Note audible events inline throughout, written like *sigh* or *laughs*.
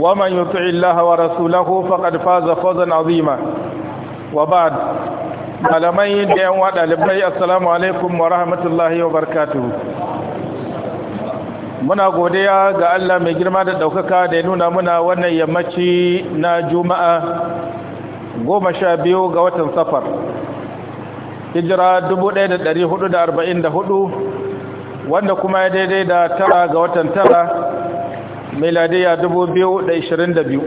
ومن يطع الله ورسوله فقد فاز فوزا عظيما وبعد malamai da yan wada libai assalamu alaikum wa rahmatullahi wa muna godiya ga Allah mai girma da daukaka da ya nuna muna wannan yammaci na juma'a goma sha biyu ga watan safar hijira 1444 wanda kuma ya daidai da tara ga watan tara miladiya 2022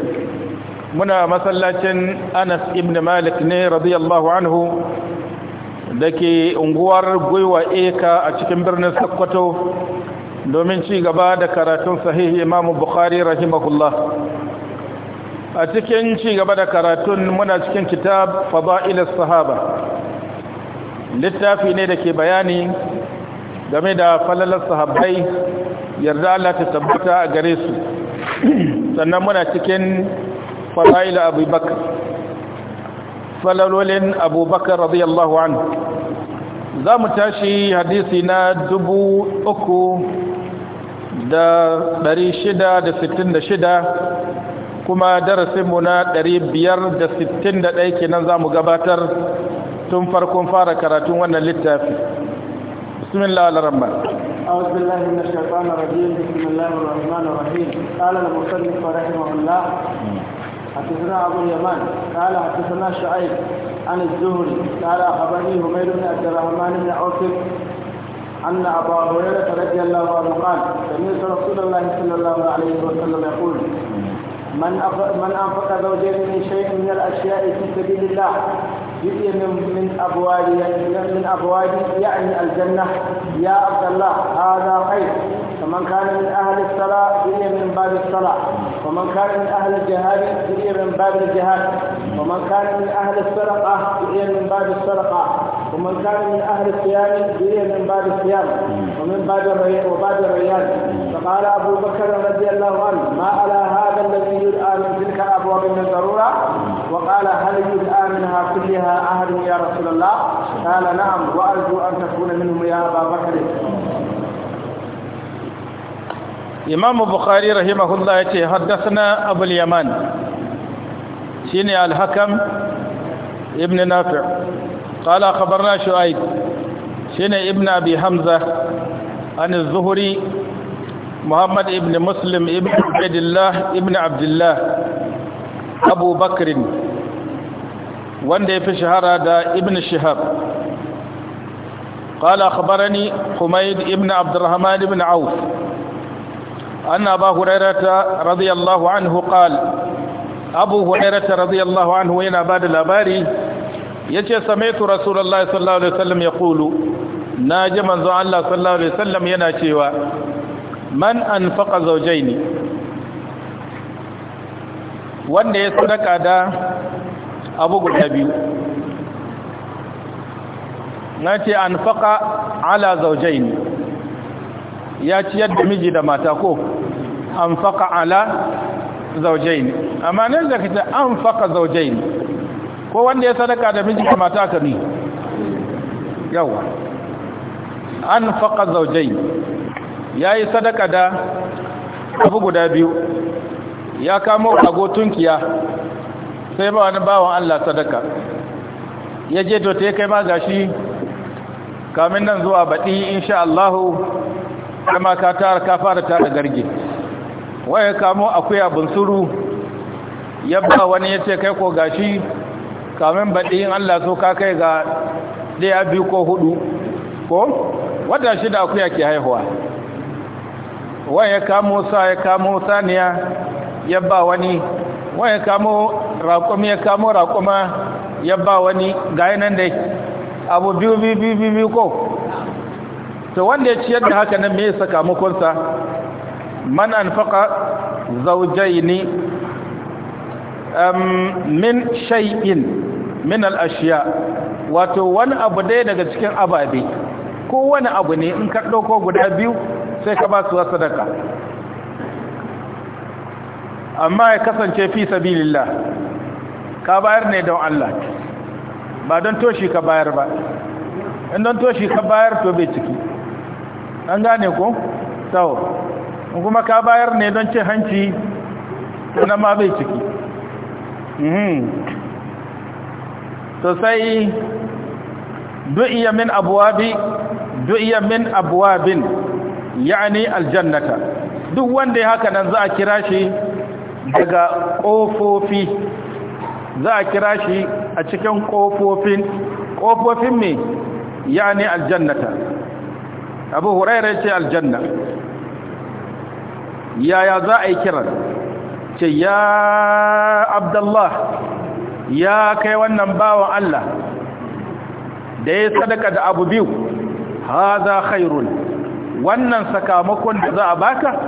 muna masallacin anas ibn malik ne radiyallahu anhu da ke unguwar gwiwa eka a cikin birnin sakkwato domin ci gaba da karatun sahihi imamu bukhari rahimahullah a cikin ci gaba da karatun muna cikin kitab fada'ilis sahaba littafi ne da ke bayani game da falalar sahabbai yarda Allah ta tabbata a gare su sannan muna cikin fadail abubakar falalolin abubakar radiyallahu an. za mu tashi hadisi na dubu uku da ɗari shida da sittin da shida kuma darasinmu na ɗari biyar da sittin da ɗaya kenan za mu gabatar tun farkon fara karatun wannan littafi بسم الله الرحمن أعوذ بالله من الشيطان الرجيم بسم الله الرحمن الرحيم قال المصنف رحمه الله حدثنا أبو اليمان قال حدثنا شعيب عن الزهري قال أخبرني همير بن عبد الرحمن بن عوف أن أبا هريرة رضي الله عنه قال سمعت رسول الله صلى الله عليه وسلم يقول من أنفق زوجين من شيء من الأشياء في سبيل الله جزء من من ابواب من ابواب يعني الجنه يا عبد الله هذا خير فمن كان من اهل الصلاه جزء من باب الصلاه ومن كان من اهل الجهاد جزء من باب الجهاد ومن كان من اهل السرقه جزء من باب السرقه ومن كان من أهل الصيام جزء من باب الصيام ومن باب وباب الريان فقال أبو بكر رضي الله عنه ما على هذا الذي يرى من تلك أبواب من ضرورة وقال هل يدعى منها كلها أهل يا رسول الله قال نعم وأرجو أن تكون منهم يا أبا بكر إمام البخاري رحمه الله حدثنا أبو اليمان سيني الحكم ابن نافع قال خبرنا شعيب سيني ابن أبي حمزة عن الزهري محمد ابن مسلم ابن عبد الله ابن عبد الله abu bakirin wanda ya fi shahara da ibn shahar ƙala khabarani humaid ibn abdurrahman ibn auf an ba hurera ta radiyallahu anhu ƙal abu hurera radiyallahu anhu yana ba da labari ya ce sametu rasulallah sallallahu alaihi wasallam ya kulu na ji manzo allah sallallahu alaihi wasallam yana cewa man an faƙa zaujai ne wanda ya sadaka da abu guda biyu na ce an faƙa ala zaujai ne ya ciyar da miji da mata ko an faƙa ala zaujai ne amma ne da kace an faƙa zaujai ne ko wanda ya sadaka da miji da mata ka ne yawa an faƙa zaujai ya yi sadaka da abu guda biyu ya kamo rago tunkiya sai ba wani bawan Allah sadaka ya je to ta kai ma gashi kamin nan zuwa baɗi insha Allahu kama ka tara ka fara tara garge waye kamo akuya bunsuru ya ba wani ya ce kai ko gashi kamin baɗi in Allah so ka kai ga ɗaya biyu ko hudu ko wata shida akuya ke haihuwa waye kamo sa ya kamo saniya ya ba wani wani ya kamo raƙumi ya kamo raƙuma ya ba wani gayi nan dai abu biyu biyu biyu ko to wanda ya ciyar da haka nan saka sakamakonsa man an faka zaujai ne min shay'in min al'ashiya wato wani abu dai daga cikin ababe ko wani abu ne in ka ɗauko guda biyu sai ka ba su sadaka amma ya kasance fi sabilillah ka bayar ne don Allah ba don toshi ka bayar ba in don toshi ka bayar to bai ciki an gane ko sau kuma ka bayar ne don cin hanci na ma bai ciki sosai mhm. du'iya min abuwabi du'iya min abuwabin ya'ani aljannata duk wanda ya haka nan za a kira shi daga ƙofofi za a kira shi a cikin ƙofofin ƙofofin me ya ne aljannata abu hurairar ce aljanna yaya za a yi kiran ce ya abdullah ya kai wannan bawan Allah da ya sadaka da abu biyu haza khairun wannan sakamakon da za a baka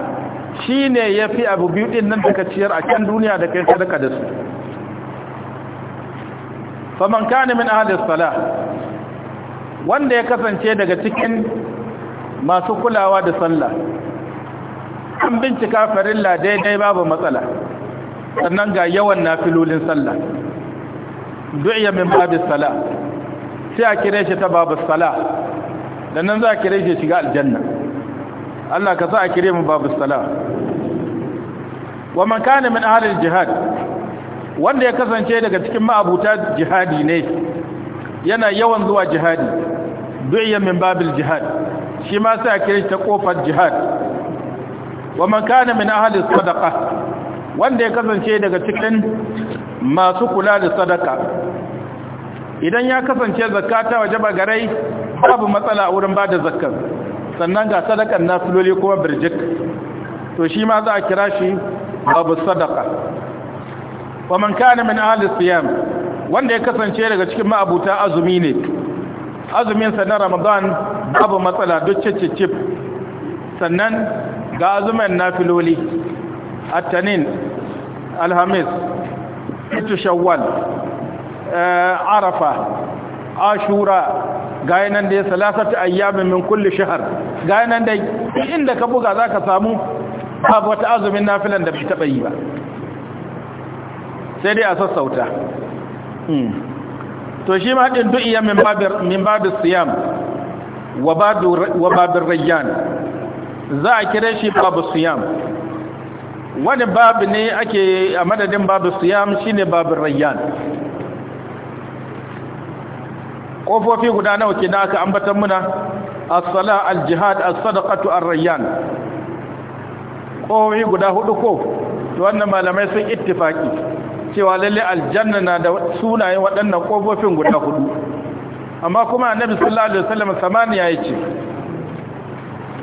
shi ne ya fi abu biyu ɗin nan daga ciyar a kan duniya da kai sadaka da su faman kane min ahalis sala wanda ya kasance daga cikin masu kulawa da sallah an bincika farin daidai babu matsala sannan ga yawan na nafilolin sallah du'iya min babis sala sai a kire shi ta babis sala da nan za a kire shi shiga aljanna Allah ka sa a kire mu babu salam wa man kana min ahli jihad wanda ya kasance daga cikin ma'abuta jihadi ne yana yawan zuwa jihadi du'iya min babil jihad shi ma sai a kire ta kofar jihad wa man kana min ahli sadaqa wanda ya kasance daga cikin masu kula da sadaka idan ya kasance zakata wajaba garai babu matsala a wurin bada zakkan. sannan ga sadakar nafiloli kuma birjik to shi ma za a kira shi babu sadaka wa man kana min ahli siyam wanda ya kasance daga cikin ma'abuta azumi ne azumin sa na ramadan babu matsala duk cicicip sannan ga azumin nafiloli attanin alhamis ittu shawwal eh, arafa ashura gaya nan da ya salasata ayyamin min kulli shahar gaya nan da inda ka buga za ka samu babu wata azumin nafilan da bai taɓa yi ba sai dai a sassauta hmm. to shi ma ɗin du'iya min babu siyam wa babu rayyan za a kira shi babu siyam wani babu ne ake a madadin babu siyam shine babu rayyan kofofi guda nawa kenan aka ambatan muna Asala aljihad al-jihad as-sadaqatu ar-rayyan kofofi guda hudu ko to wannan malamai sun ittifaki cewa lalle aljanna na da sunayen waɗannan kofofin guda hudu amma kuma annabi sallallahu alaihi wasallam samaniya yace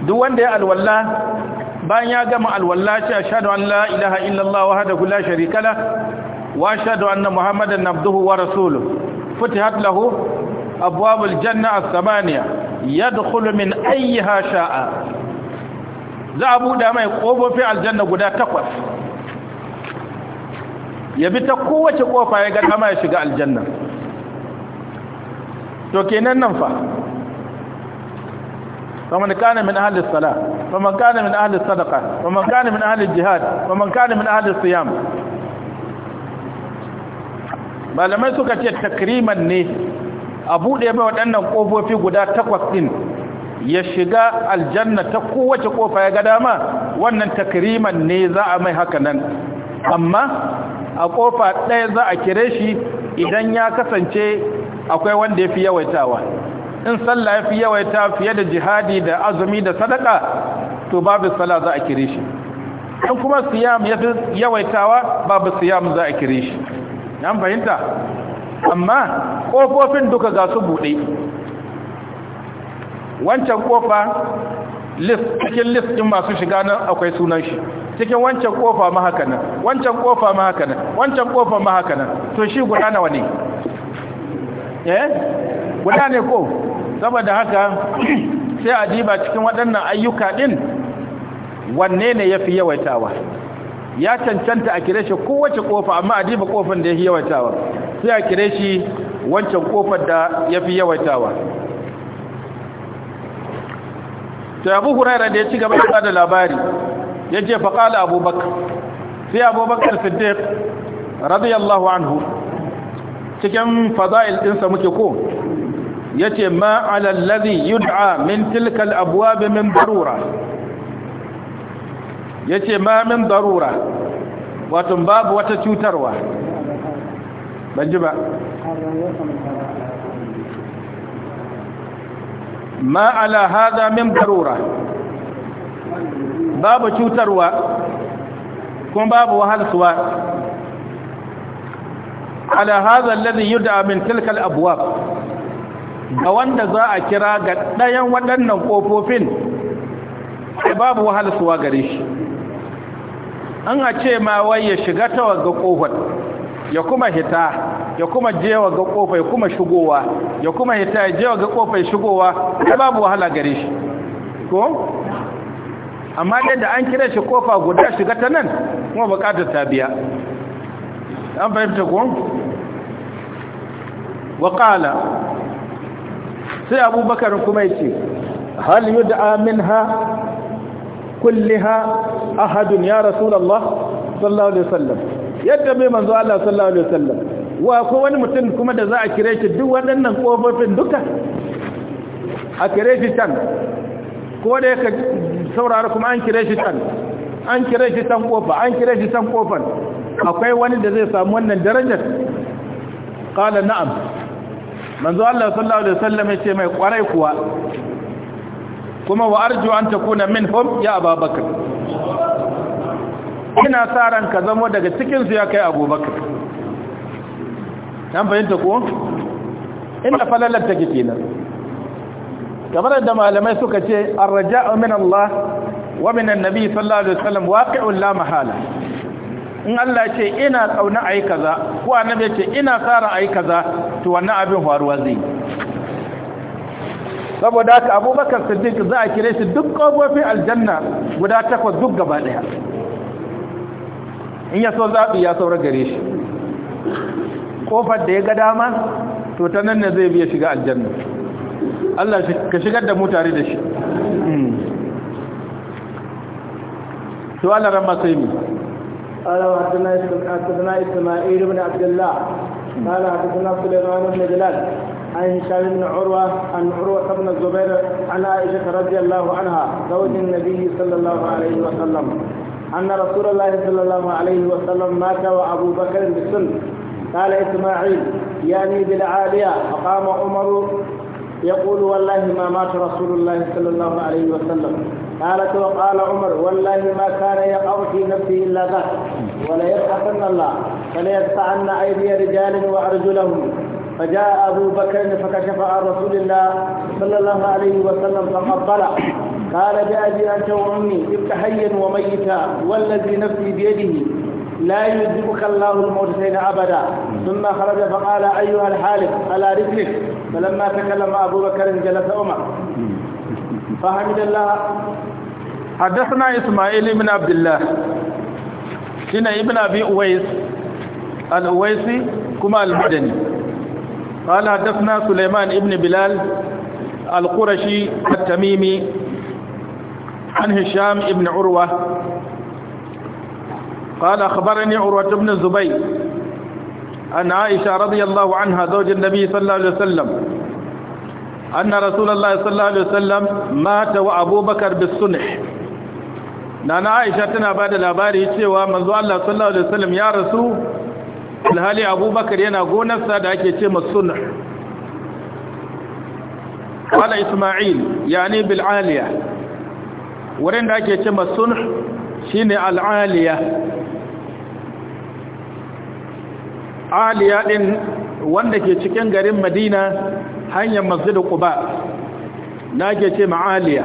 duk wanda ya alwala, bayan ya gama alwalla ce ashhadu an la ilaha illallah wahdahu la sharika la wa ashhadu anna muhammadan abduhu wa rasuluhu futihat lahu أبواب الجنة الثمانية يدخل من أيها شاء زعبوا داما يقوبوا في الجنة قدا تقف يبي تقوة قوفا يقال أما يشقى الجنة توكينا ننفع فمن كان من أهل الصلاة فمن كان من أهل الصدقة ومن كان من أهل الجهاد ومن كان من أهل الصيام malamai suka ce takriman ne a buɗe mai waɗannan ƙofofi guda takwas ɗin ya shiga aljanna ta kowace ƙofa ya ga dama wannan takriman ne za a mai haka nan amma a ƙofa ɗaya za a kire shi idan ya kasance akwai wanda ya fi yawaitawa in salla ya fi yawaita fiye da jihadi da azumi da sadaka to babu sala za a kire shi in kuma siyam ya fi yawaitawa babu siyam za a kire shi an fahimta amma ƙofofin duka ga su buɗe wancan ƙofa cikin list ɗin masu shiga nan akwai sunan shi cikin wancan ƙofa nan, wancan ƙofa nan, wancan ƙofa nan, to shi guda nawa ne eh guda ne ko saboda haka *clears throat* sai a diba cikin waɗannan ayyuka ɗin wanne ne ya fi yawaitawa ya cancanta a kire shi kowace ƙofa amma a diba ƙofin da ya fi yawaitawa sai a kire shi wancan kofar da ya fi yawaitawa ta abu da ya ci gaba da labari ya ce faƙala abubakar sai abubakar siddiq radiyallahu anhu cikin fada'il ɗinsa muke ko ya ce ma alallazi yud'a min tilkal abuwa min darura, ya ce ma min darura, wato babu wata cutarwa banji ji ba ma ala hada min darura, babu cutarwa kuma babu wahalsuwa ala hada alladhi yud'a min tilka al-abwab ga wanda za a kira ga ɗayan waɗannan ƙofofin babu wahalsuwa gare shi an a ce ma wai ya shiga ta ga ya kuma hita ya kuma jewa ga kofa ya kuma shigowa ya kuma hita ya jewa ga kofa ya shigowa ai babu wahala gare shi ko amma dai da an kira shi kofa guda shiga ta nan kuma bukatar ta biya an fahimta ko waƙala sai abubakar kuma yace hal yud'a minha kullaha ahadun ya rasulullah sallallahu alaihi wasallam yadda mai manzo Allah sallallahu alaihi wasallam wa ko wani mutum kuma da za a kire shi duk waɗannan kofofin duka a kire shi can ko da yake saurara kuma an kire shi can an kire shi tan kofa an kire shi tan kofar akwai wani da zai samu wannan darajar qala na'am manzo Allah sallallahu alaihi wasallam ce mai kwarai kuwa kuma wa arju an takuna minhum ya ababakar ina sa ran ka zama daga cikinsu ya kai abubakar an fahimta ko inda falalar take kenan kamar da malamai suka ce arja'u min Allah wa min annabi sallallahu alaihi wasallam waqi'un la mahala in Allah ce ina kauna ayi kaza ko annabi ce ina tsara ayi kaza to wannan abin faruwa zai saboda haka Abubakar Siddiq za a kire shi duk kofofin aljanna guda takwas duk gaba daya in ya so zaɓi ya saura gare shi ƙofar da ya ga dama to ta nan ne zai biya shiga aljanna Allah ka shigar da mu tare da shi hmm. to Allah ran masai mu Allah haddana iri ibn Abdullah قال حدثنا سليمان بن بلال عن هشام بن عروة عن عروة بن الزبير عن عائشة رضي الله عنها زوج النبي صلى الله عليه وسلم أن رسول الله صلى الله عليه وسلم مات وأبو بكر بالسن قال إسماعيل يعني بالعالية فقام عمر يقول والله ما مات رسول الله صلى الله عليه وسلم قالت وقال عمر والله ما كان يقع في نفسي إلا ذاك وليبحثن الله فليدفعن أيدي رجال وأرجلهم فجاء أبو بكر فكشف عن رسول الله صلى الله عليه وسلم فقبله قال بأبي أنت وأمي إبت حيا وميتا والذي نفسي بيده لا يجيبك الله الموتين أبدا ثم خرج فقال أيها الحالف على رجلك فلما تكلم أبو بكر جلس عمر فحمد الله حدثنا إسماعيل بن عبد الله هنا ابن أبي أويس الأويسي كما المدني قال حدثنا سليمان بن بلال القرشي التميمي عن هشام بن عروة قال أخبرني عروة بن الزبير أن عائشة رضي الله عنها زوج النبي صلى الله عليه وسلم أن رسول الله صلى الله عليه وسلم مات وأبو بكر بالسنح نانا عائشة بعد الأباري cewa manzo Allah الله alaihi wasallam ya rasu alhali Abubakar yana gonarsa da ake ce masunnah قال إسماعيل يعني بالعالية wurin da ake ce shi shine al'aliya aliya ɗin wanda ke cikin garin madina hanyar da kuba, na ke ce ma'aliya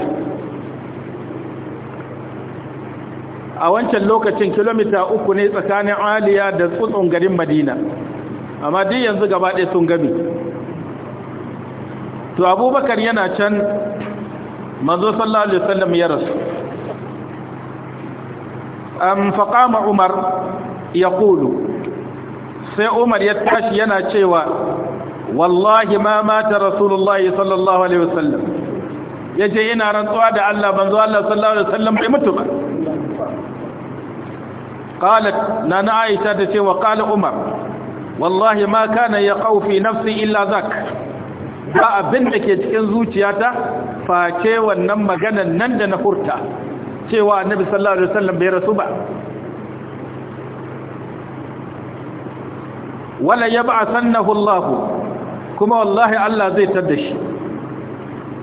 a wancan lokacin kilomita uku ne tsakanin aliya da tsutsun garin madina amma duk yanzu gaba ɗaya sun gami to abubakar yana can manzo sallallahu alaihi wasallam ya rasu am faqama umar yaqulu sai umar ya tashi yana cewa wallahi ma mata rasulullahi sallallahu alaihi wasallam yace ina rantsuwa da Allah manzo Allah sallallahu alaihi wasallam bai mutu ba قالت نانا عائشة تشي وقال عمر والله ما كان يقو في نفسي إلا ذاك ba abin da ke cikin zuciyata face wannan maganan nan da na furta cewa annabi sallallahu alaihi wasallam bai rasu ba wala yab'athannahu Allah kuma wallahi Allah zai tada shi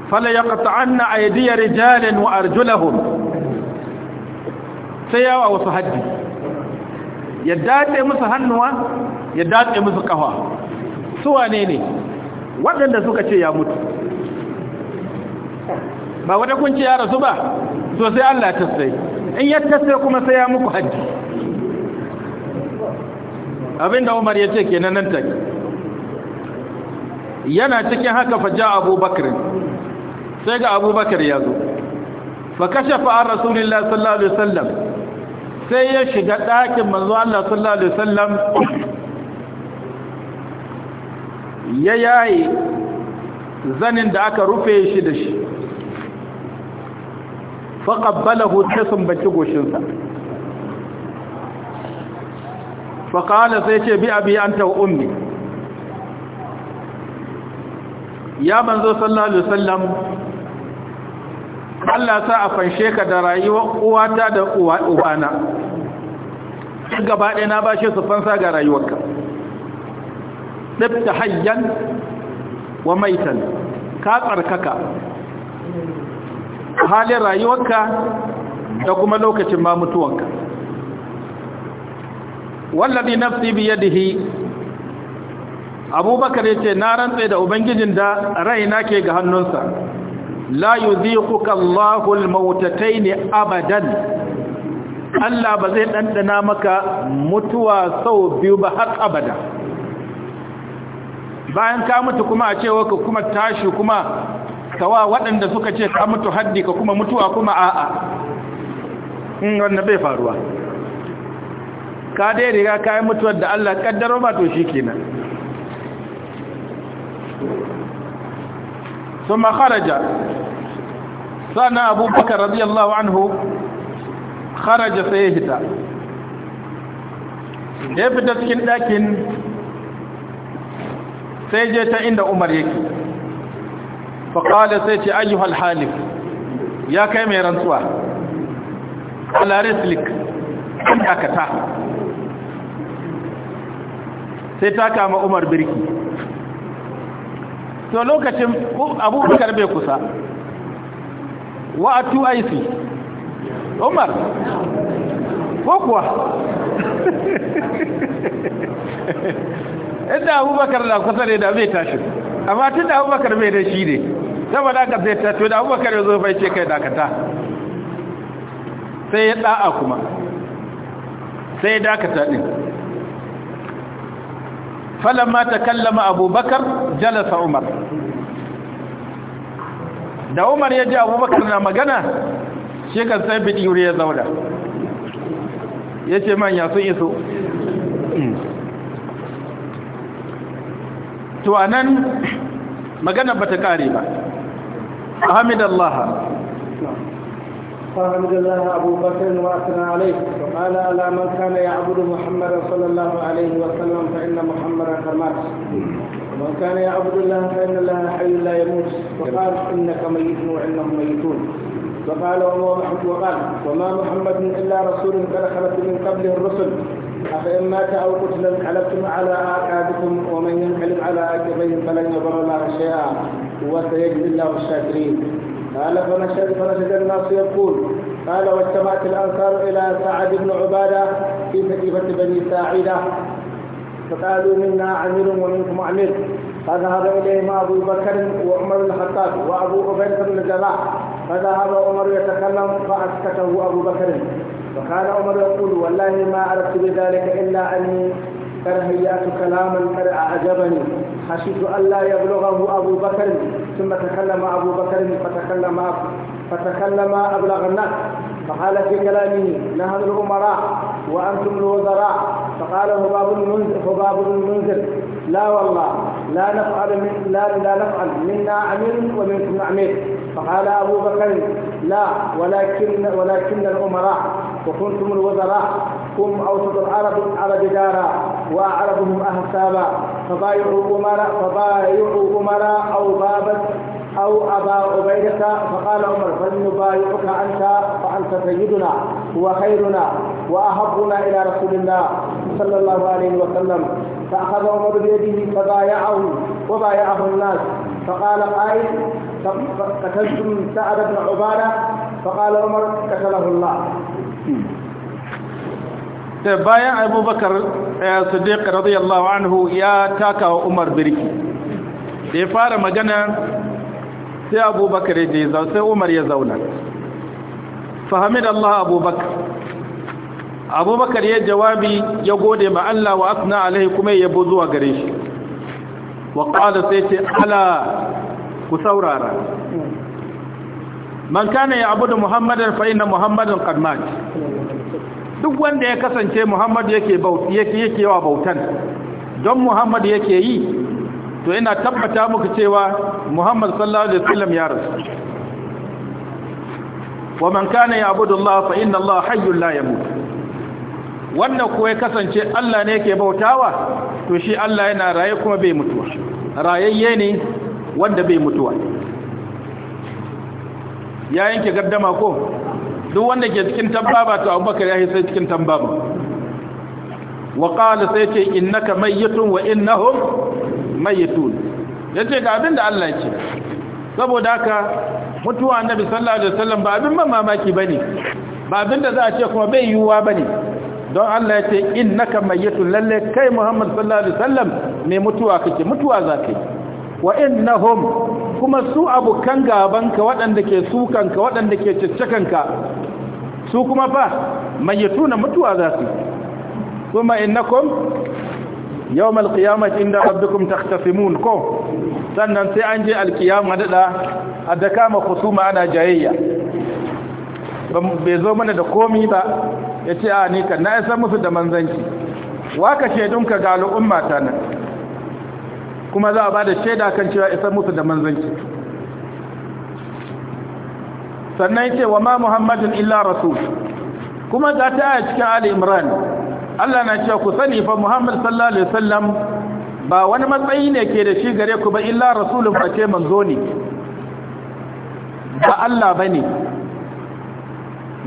fala yaqta'anna aydiya rijalin wa arjulahum sai wasu haddi ya dace musu hannuwa ya dace musu kafa su wane ne waɗanda suka ce ya mutu ba wata kunci ya rasu ba so sai Allah ta sai in ya sai kuma sai ya muku hajji abinda Umar ya ce kenan nan take yana cikin haka fa ja Abu Bakr sai ga Abu Bakr ya zo fa kashafa an Rasulullahi sallallahu alaihi wasallam sai ya shiga ɗakin manzo Allah sallallahu alaihi wasallam ya yayi zanin da aka rufe shi da shi faƙabbalahu ta sumbaci goshinsa faƙala sai ce bi abi an ummi ya manzo sallallahu alaihi wasallam Allah sa a fanshe ka da rayuwar uwata da uwana gaba ɗaya na bashe su fansa ga rayuwarka ɗabta hayyan wa maitan ka tsarkaka halin rayuwarka da kuma lokacin ma mutuwanka wallabi nafsi biyadihi abubakar yace na rantse da ubangijin da raina ke ga hannunsa la yudhiquka Allahu al ne abadan Allah ba zai dandana maka mutuwa sau biyu ba har abada bayan ka mutu kuma a cewa ka kuma tashi kuma kawa waɗanda suka ce ka mutu haddi ka kuma mutuwa kuma a'a in wannan bai faruwa ka dai riga yi mutuwar da Allah kaddaro ba to shi kenan sun makaraja sana abubakar radiyallahu anhu kharaja sai ya hita. ya fita cikin ɗakin sai je ta inda umar yake faƙaɗa sai ce ayyuhal halif ya kai mai rantsuwa alarislik an dakata sai ta kama umar birki to lokacin abubakar bai kusa wa'atu aisi umar ko kuwa *laughs* inda abubakar da kusa ne da zai tashi amma tun da abubakar mai da shi ne da aka zai tashi da abubakar ya zo bai ce kai dakata sai ya da'a kuma sai ya dakata falon mata kallama abubakar jalasa umar da umar ya ji abubakar na magana shi kan sai bidiyar ya zauna ya ce manya sun iso hmm. wato magana ba ta ƙare ba alhamdulillah alhamdulillah abubakar wa asina alaikum أفإن مات أو قتل انقلبتم على أعقابكم ومن ينقلب على عقبيه فلن يضر الله شيئا وسيجزي الله الشاكرين قال فنشد فنشد الناس يقول قال واجتمعت الأنصار إلى سعد بن عبادة في سقيفة بني ساعدة فقالوا منا عمير ومنكم عمير فذهب إليهما أبو بكر وعمر بن الخطاب وأبو عبيدة بن الجراح فذهب عمر يتكلم فأسكته أبو بكر وكان عمر يقول والله ما أردت بذلك إلا أني قد هيأت كلاما فأعجبني أعجبني خشيت ألا يبلغه أبو بكر ثم تكلم أبو بكر فتكلم فتكلم أبلغ الناس فقال في كلامه نحن الأمراء وأنتم الوزراء فقال هباب هباب المنذر لا والله لا نفعل من لا لا نفعل منا عمل ومنكم عمل فقال أبو بكر لا ولكن ولكن الأمراء وكنتم الوزراء هم أوسط العرب على دارا وأعربهم أحسابا فبايعوا أمراء فبايعوا أمراء أو بابا أو أبا عبيدة فقال عمر فلنبايعك أنت فأنت سيدنا وخيرنا وأحبنا إلى رسول الله صلى الله عليه وسلم فأخذ عمر بيده فبايعه وبايعه الناس فقال قائل قتلتم سعد بن عبادة فقال عمر قتله الله bayan abubakar siddiq radiyallahu anhu ya taka wa umar birki da ya fara magana sai abubakar da ya zauna sai umar ya zauna fahamid Allah abubakar abubakar ya jawabi ya gode ma Allah wa asna alaihi kuma ya yabo zuwa gare shi wa qala sai ce ala ku saurara man kana ya abudu muhammadan fa inna muhammadan qad mat duk wanda ya kasance muhammad yake bauti yake yake bautan don muhammad yake yi to ina tabbata muku cewa Muhammad sallallahu alaihi wasallam ya rasu wa man kana ya'budu Allah fa inna Allah hayyul la yamut wannan ko ya kasance Allah ne yake bautawa to shi Allah yana raye kuma bai mutuwa rayayye ne wanda bai mutuwa ya yanke gaddama ko duk wanda ke cikin tambaba to Abubakar ya yi sai cikin tambaba wa qala sai ce innaka mayyitun wa innahum mayyitun yace ga abin da Allah yake saboda haka mutuwa annabi sallallahu alaihi wasallam ba abin mamaki bane ba abin da za a ce kuma bai yiwuwa bane don Allah yace innaka mayyitun lalle kai Muhammad sallallahu alaihi wasallam mai mutuwa kake mutuwa kai wa innahum kuma su abukan gabanka waɗanda ke sukanka waɗanda ke ciccikanka su kuma fa mayyatuna mutuwa za su kuma innakum yawm alqiyamati inda rabbikum takhtasimun ko sannan sai an je alqiyama dada adaka ma khusuma ana jayayya bai zo mana da komi ba ya ce a ni kan na ya san musu da manzanci waka shedunka ga al'umma ta nan kuma za a ba bada sheda kan cewa ya san musu da manzanci sannan ce wa ma Muhammadin illa rasu kuma za ta a cikin ali imran Allah na ce ku sani fa Muhammad sallallahu alaihi wasallam ba wani matsayi ne ke da shi gare ku ba illa rasulun face manzo ne ba Allah bane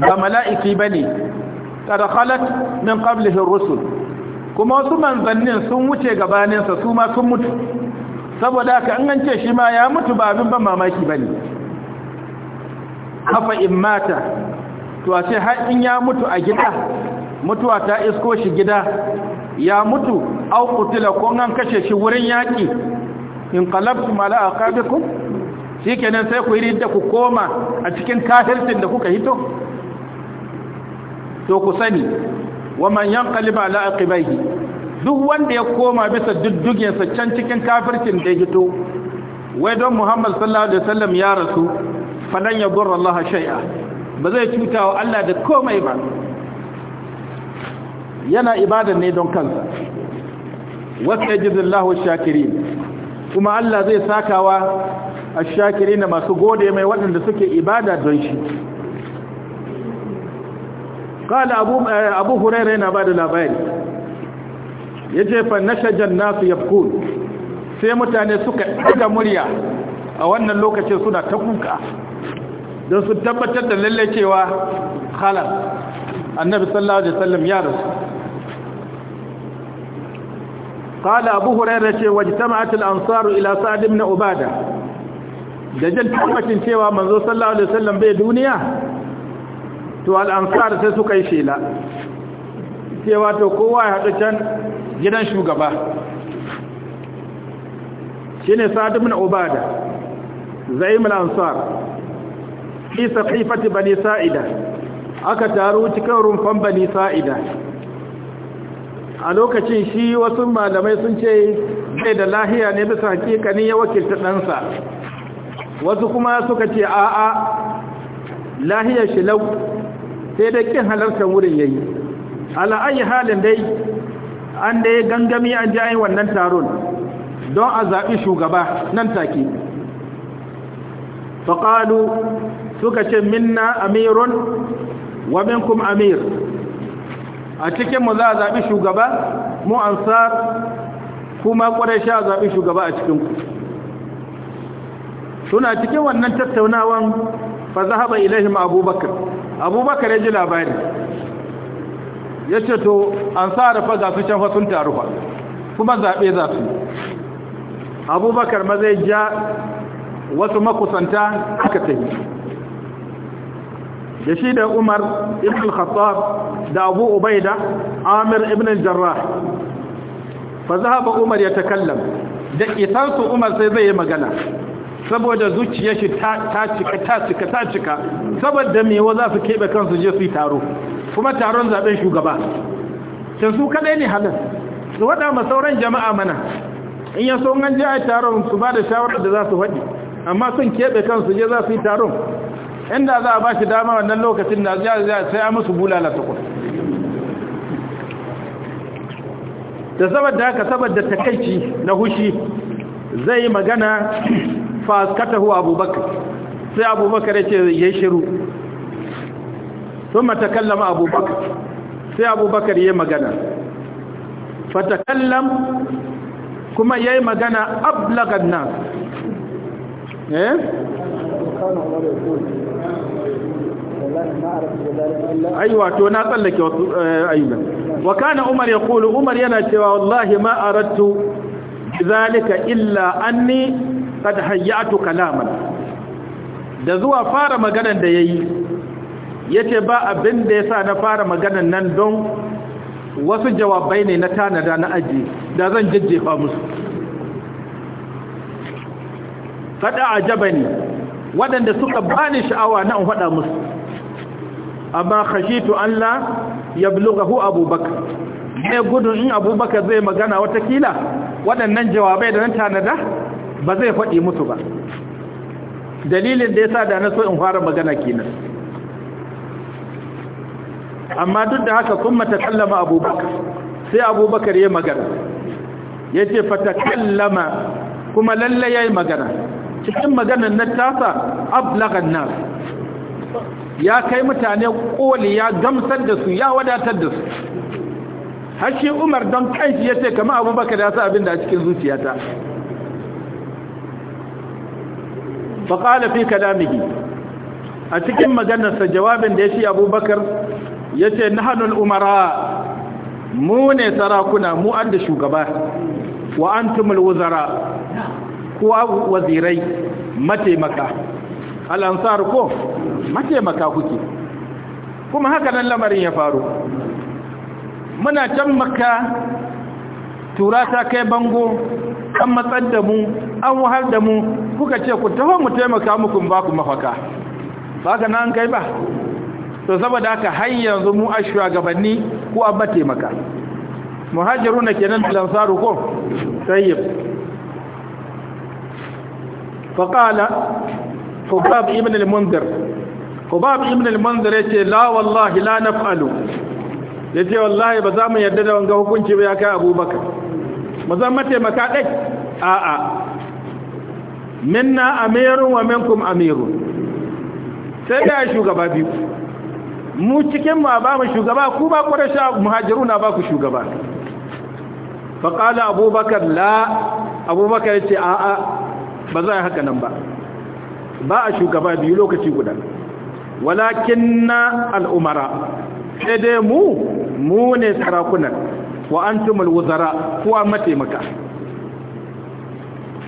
ba mala'iki bane kada khalat min qablihi rusul kuma wasu manzannin sun wuce gabaninsa su ma sun mutu saboda haka an gance shi ma ya mutu ba abin ban mamaki bane hafa in mata to a ce har in ya mutu a gida mutuwa ta isko shi gida ya mutu au kutila ko an kashe shi wurin yaki in qalabtu mala aqabikum shikenan sai ku yi da ku koma a cikin kafircin da kuka hito to ku sani waman yanqalib ala aqibaihi duk wanda ya koma bisa sa can cikin kafircin da hito wai don Muhammad sallallahu alaihi wasallam ya rasu Fa falan yadurra Allah shay'a ba zai cuta wa Allah da komai ba yana ibada ne don kansa wasta jizillahu shakirin kuma Allah zai sakawa a shakirin masu gode mai waɗanda suke ibada don shi قال أبو, أبو هريرة نباد الأبائل يجب أن نشج الناس sai mutane suka إذا murya a wannan lokacin suna تبكى don su tabbatar da lallacewa halar annabi sallallahu alaihi wasallam ya rasu qala abu hurairah ce wajtama'at al-ansar ila sa'd ibn ubada da jin tabbacin cewa manzo sallallahu alaihi wasallam bai duniya to al-ansar sai suka yi shela cewa to kowa ya hadu can gidan shugaba shine sa'd ibn ubada zaim al-ansar fi saqifati bani sa'ida aka taru cikin rumfan bani sa'ida a lokacin shi wasu malamai sun ce bai da lahiya ne bisa hakikani ya wakilta ɗansa wasu kuma suka ce a'a lahiyar shilau sai dai kin halartar wurin yayi ala halin dai an da ya gangami an ji wannan taron don a zaɓi shugaba nan take faƙalu suka ce minna amirun wa minkum amir a cikin mu za a zaɓi shugaba mu ansar kuma ƙwarai sha zaɓi shugaba a cikin ku suna cikin wannan tattaunawan fa zahaba ilaihim abubakar abubakar ya ji labari ya ce to ansar fa za su can fa sun taru fa kuma zaɓe za su abubakar ma zai ja wasu makusanta aka tafi da shi da Umar ibn al-Khattab da Abu Ubaida Amir ibn al-Jarrah fa zahaba Umar ya takallam da isansu Umar sai zai yi magana saboda zuciya shi ta cika ta cika ta cika saboda mewa za su kebe kansu je su yi taro kuma taron zaben shugaba sai su kadai ne halin su wada ma sauran jama'a mana in ya so an je a taron su ba da shawarar da za su faɗi amma sun kebe kansu je za su yi taron inda za a ba shi dama wannan lokacin da zai sai a musu bulala ta kuma da saboda haka saboda takaici na hushi zai magana faskatahu abubakar sai abubakar ya ce ya shiru sun matakallama abubakar sai abubakar ya magana fatakallam kuma ya yi magana ablagan nan eh ai wato na tsallake wasu eh, ayyuka wa kana umar yana cewa wallahi ma zalika illa anni qad hayyatu kalaman da zuwa fara maganar da yayi yace ba abin da yasa na fara maganar nan don wasu jawabai ne na tanada na aji da zan jajjefa musu fada ajabani waɗanda suka bani sha'awa na in faɗa musu amma khashitu Allah ya Abu abubakar ne gudun in abubakar zai magana watakila waɗannan jawabai da nan tanada ba zai faɗi musu ba dalilin da yasa da na so in fara magana kenan amma duk da haka kun Abu abubakar sai abubakar ya magana ya ce kallama kuma lalle ya yi magana cikin maganar na tasa ablagan nas ya kai mutane koli ya gamsar da su ya wadatar da su har shi umar don kanshi ya ce kama abubakar ya sa abin da a cikin zuciyata faƙala fi kalamihi a cikin maganarsa jawabin da ya shi abubakar ya ce nahanul umara mu ne sarakuna mu an da shugaba wa an wuzara ko wazirai mataimaka al'ansar ko mataimaka kuke kuma haka nan lamarin ya faru muna can maka tura ta kai bango an matsar da mu an wahar da mu kuka ce ku taho mu taimaka muku ba ku mafaka ba ka nan kai ba to saboda haka har yanzu mu a shugabanni ko an mataimaka na kenan da lansaru ko tayyib فقال حباب ابن المنذر hubab ibn al-manzir yace la wallahi la naf'alu yace wallahi ba za mu yarda da wanga hukunci ba ya kai abubakar mu zan mataimaka dai a a minna amirun wa minkum amirun sai da shugaba biyu mu cikin mu ba mu shugaba ku ba quraysha muhajiruna ba ku shugaba fa qala abubakar la abubakar yace a a ba za haka nan ba ba a shugaba biyu lokaci guda walakin na al'umara sai dai mu mu ne sarakunan wa an tumul wuzara kuwa mataimaka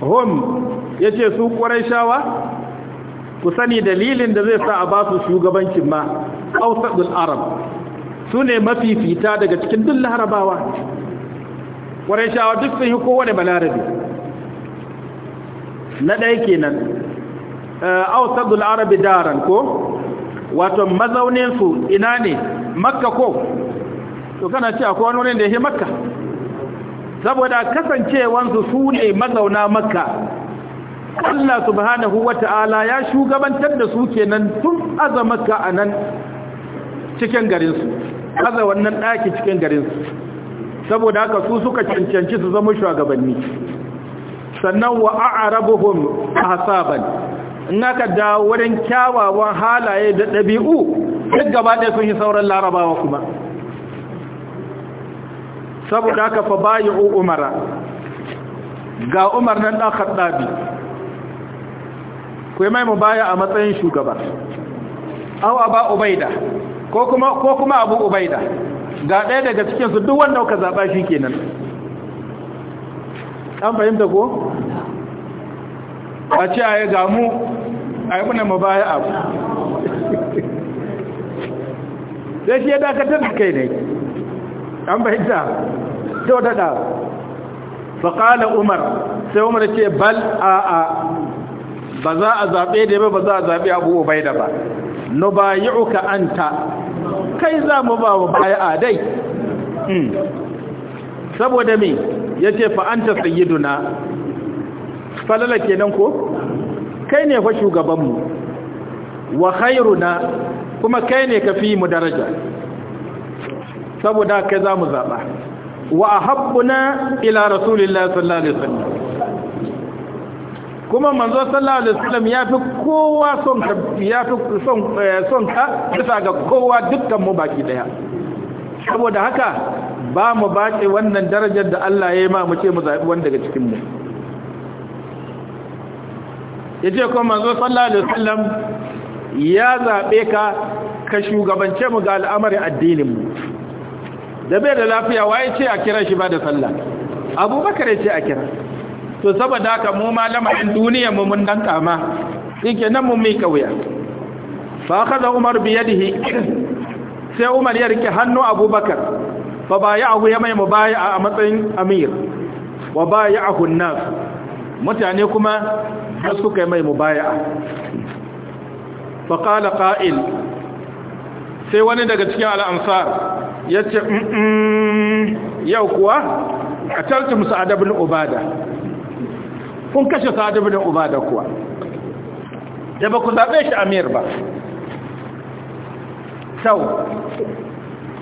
hom ya ce su ƙwarai shawa ku sani dalilin da zai sa a ba su shugabancin ma ƙausadul arab su ne mafifita daga cikin duk larabawa ƙwarai shawa duk sun yi kowane balarabe na ɗaya kenan ƙausadul eh, arabi daran ko wato su ina ne makka ko to kana ce akwai wani wurin da yake makka saboda kasancewansu su ne mazauna makka Allah subhanahu wa ta'ala ya shugabantar da su kenan tun aza makka a nan cikin garinsu aza wannan ɗaki cikin garinsu saboda haka su suka cancanci su zama shugabanni sannan wa a'arabuhum hasaban Naka aka dawo wurin kyawawan halaye da ɗabi'u duk gaba ɗaya sun yi sauran larabawa kuma saboda ka fa bayi umara ga umar nan ɗan haɗaɗi ku yi mai mu baya a matsayin shugaba au ba ubaida ko kuma abu ubaida ga ɗaya daga cikinsu duk wanda ka zaɓa shi kenan an fahimta ko? a ce a yi gamu a yi muna mabaya abu zai shi ya dakatar da kai ne an bayyanta sau da faƙala umar sai umar ce bal a a ba za a zaɓe da ba ba za a zaɓe abu bai da ba no ba yi uka an ta kai za mu ba wa baya a dai hmm. saboda me ya ce fa'anta sayiduna falala kenan ko kai ne fa shugabanmu wa khairuna kuma kai ne ka fi mu daraja saboda kai za mu zaɓa wa ahabbuna ila rasulillah sallallahu alaihi wasallam kuma manzo sallallahu alaihi wasallam ya fi kowa son ka ya fi son eh, son ka bisa ga kowa dukkan mu baki daya saboda haka ba mu baki wannan darajar da Allah ya yi ma mu ce mu zaɓi wanda daga cikin mu yace kuma manzo sallallahu alaihi wasallam ya zabe ka ka shugabance mu ga al'amari addinin mu da bai da lafiya waye ce a kira shi ba da sallah abubakar ya ce a kira to saboda haka mu malamarin duniyar mu mun dan kama yake nan mu mika wuya fa akhadha umar bi yadihi sai umar ya rike hannu abubakar fa baya'ahu ya mai mubaya'a a matsayin amir wa baya'ahu an-nas mutane kuma har suka yi mai mubaya'a faƙala ƙa'il sai wani daga cikin al'ansar ya ce yau kuwa a tarci musu adabin ubada kun kashe su adabin ubada kuwa ya ba ku zaɓe shi amir ba sau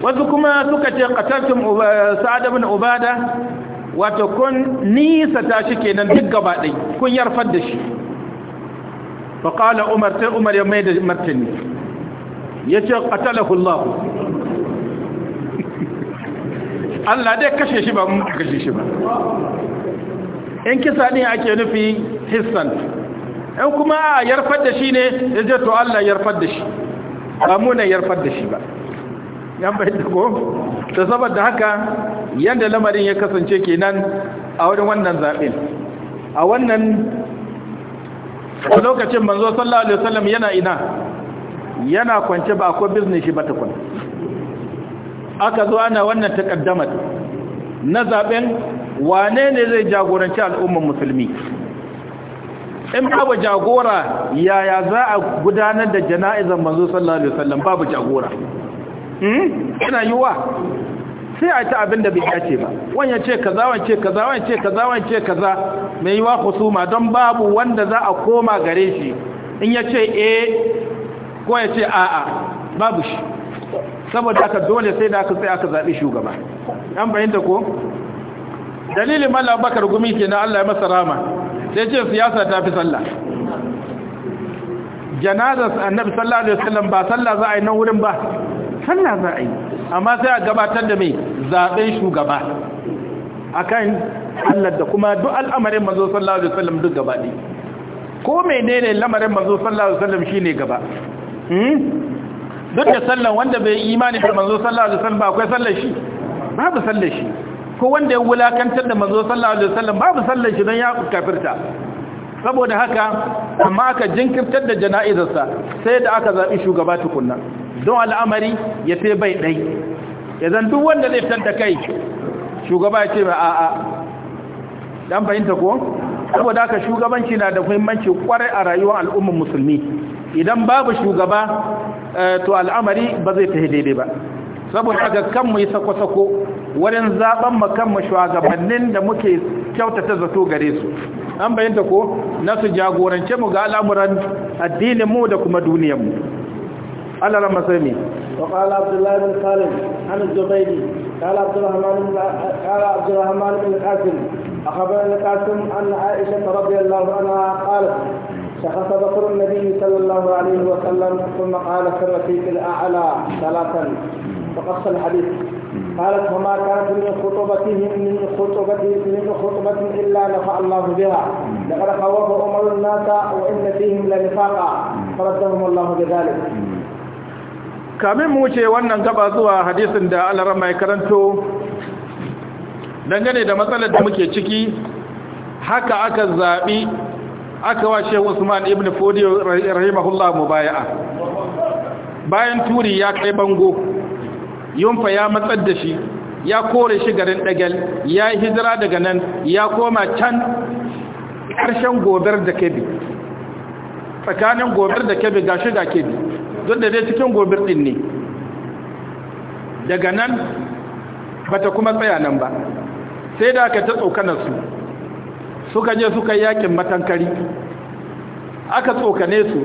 wasu kuma suka ce ƙatarcin eh, sa'adabin ubada wato kun nisa ta shi kenan duk gaba ɗai kun yarfar da shi qala umar sai umar ya mai da martani. ya ce ƙatalahullahu *laughs* Allah dai kashe shi ba mun kashe shi ba in kisa ne ake nufi hissan in kuma a yarfar da shi ne ya je to Allah yarfar da shi ba ne yarfar da shi ba yan bayyana ko ta saboda haka yadda lamarin ya kasance kenan a wurin wannan zaɓen a wannan lokacin manzo sallallahu alaihi wasallam yana ina yana kwance ba ko business shi ba ta tukun aka zo ana wannan takaddamar na zaben wane ne zai jagoranci al'ummar musulmi in babu jagora yaya za a gudanar da jana'izar manzo sallallahu alaihi wasallam babu jagora Hmm? yi yiwuwa sai a ta abin da bai dace ba wanya ce kaza wance kaza wance kaza wance kaza mai wa husuma don babu wanda za a koma gare shi in ya ce e, ko ya ce a'a babu shi saboda aka dole sai da aka sai aka zaɓi shugaba an bayyanta ko dalilin mallam bakar gumi ke na allah ya masa rama sai ce siyasa ta fi sallah janazar annabi sallallahu alaihi wasallam ba sallah za a yi nan wurin ba sallah za a yi amma sai a gabatar da mai zaben shugaba akan Allah da kuma duk al'amarin manzo sallallahu alaihi wasallam duk gaba ne ko menene lamarin manzo sallallahu alaihi wasallam shine gaba hmm? duk da sallan wanda bai imani da manzo sallallahu alaihi wasallam ba akwai sallar shi babu sallar shi ko wanda ya wulakantar da manzo sallallahu alaihi wasallam babu sallar shi dan ya kafirta saboda haka amma aka jinkirtar da jana'izarsa sai da aka zaɓi shugaba tukunna don al'amari ya ce bai ɗai ya zan duk wanda zai fitar da kai shugaba ya ce ba a'a dan fahimta ko saboda haka shugabanci na da muhimmanci kwarai a rayuwar al'ummar musulmi idan babu shugaba eh, to al'amari ba zai tafi daidai ba saboda haka kanmu yi sako-sako wurin zaben mu kanmu shugabannin da muke kyautata zato gare su an bayyanta ko na su jagorance mu ga al'amuran addinin mu da kuma duniyar mu Allah rahma sai mi wa qala abdullah bin salim an zubaydi qala abdurrahman bin qala abdurrahman bin qasim akhbarana qasim anna aisha radhiyallahu anha qalat شخص بكر النبي صلى الله عليه وسلم ثم قال سر فيك الأعلى ثلاثا فقص الحديث قالت وما كانت من خطبتهم من خطبة من خطبة إلا نفع الله بها لقد خوف عمر الناس وإن فيهم لنفاقا فردهم الله بذلك kamin mu wuce wannan gaba zuwa hadisin da alaran mai karanto dangane da matsalar da muke ciki haka aka zaɓi aka washe usman ibn fodiyo rahimahullah mubaya'a bayan turi ya kai bango yunfa ya matsar da shi ya kore shi garin ɗagal ya yi hijira daga nan ya koma can ƙarshen gobar da kebi tsakanin gobar da kebi ga shi ga kebi don da dai cikin gobar ɗin ne daga nan ba ta kuma tsaya nan ba sai da aka ta tsokanarsu suka je suka yakin matankari aka tsokane su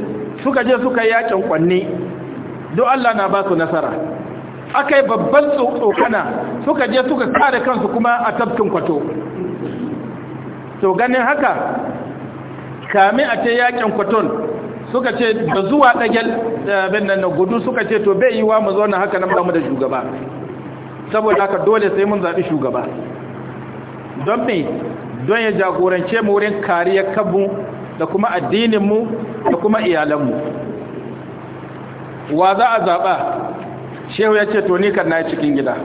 suka je suka yakin kwanne don Allah na ba su nasara aka yi babban tsokana suka je suka kare kansu kuma a tafkin kwato to ganin haka kame a ce yakin kwaton suka ce da zuwa ɗagel eh, abin nan gudu suka ce to bai yi wa mu zauna haka nan mu da shugaba saboda haka dole sai mun zabi shugaba don me don ya jagorance mu wurin kariyar kanmu da kuma addininmu da kuma iyalanmu wa za a zaɓa shehu ya ce to ni kan na cikin gida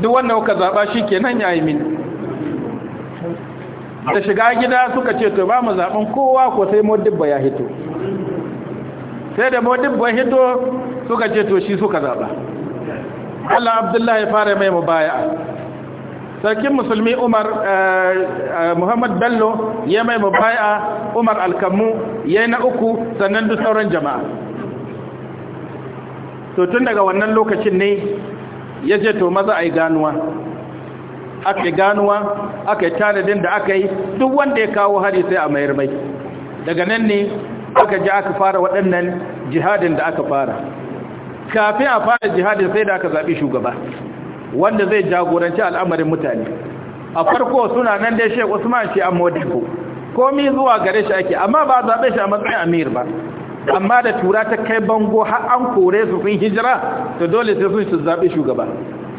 duk wanda kuka zaba shi kenan ya yi mini da shiga gida suka ce to ba mu zaɓen kowa ko sai modibba ya hito sai da modibba hito suka ce to shi suka zaɓa Allah Abdullahi fara mai baya sarkin musulmi umar eh, eh, muhammad bello ya mai baya umar alkammu ya na uku sannan duk sauran jama'a to tun daga wannan lokacin ne ya je to maza a yi ganuwa aka yi ganuwa aka yi tanadin da aka yi duk wanda ya kawo hari sai a mayar mai daga nan ne aka ji aka fara waɗannan jihadin da aka fara kafin a fara jihadin sai da aka zaɓi shugaba wanda zai jagoranci al'amarin mutane a farko suna nan dai shek usman shi an modifu komi zuwa gare shi ake amma ba zaɓe shi a matsayin amir ba amma da tura ta kai bango har an kore su sun hijira to dole sai sun su zaɓi shugaba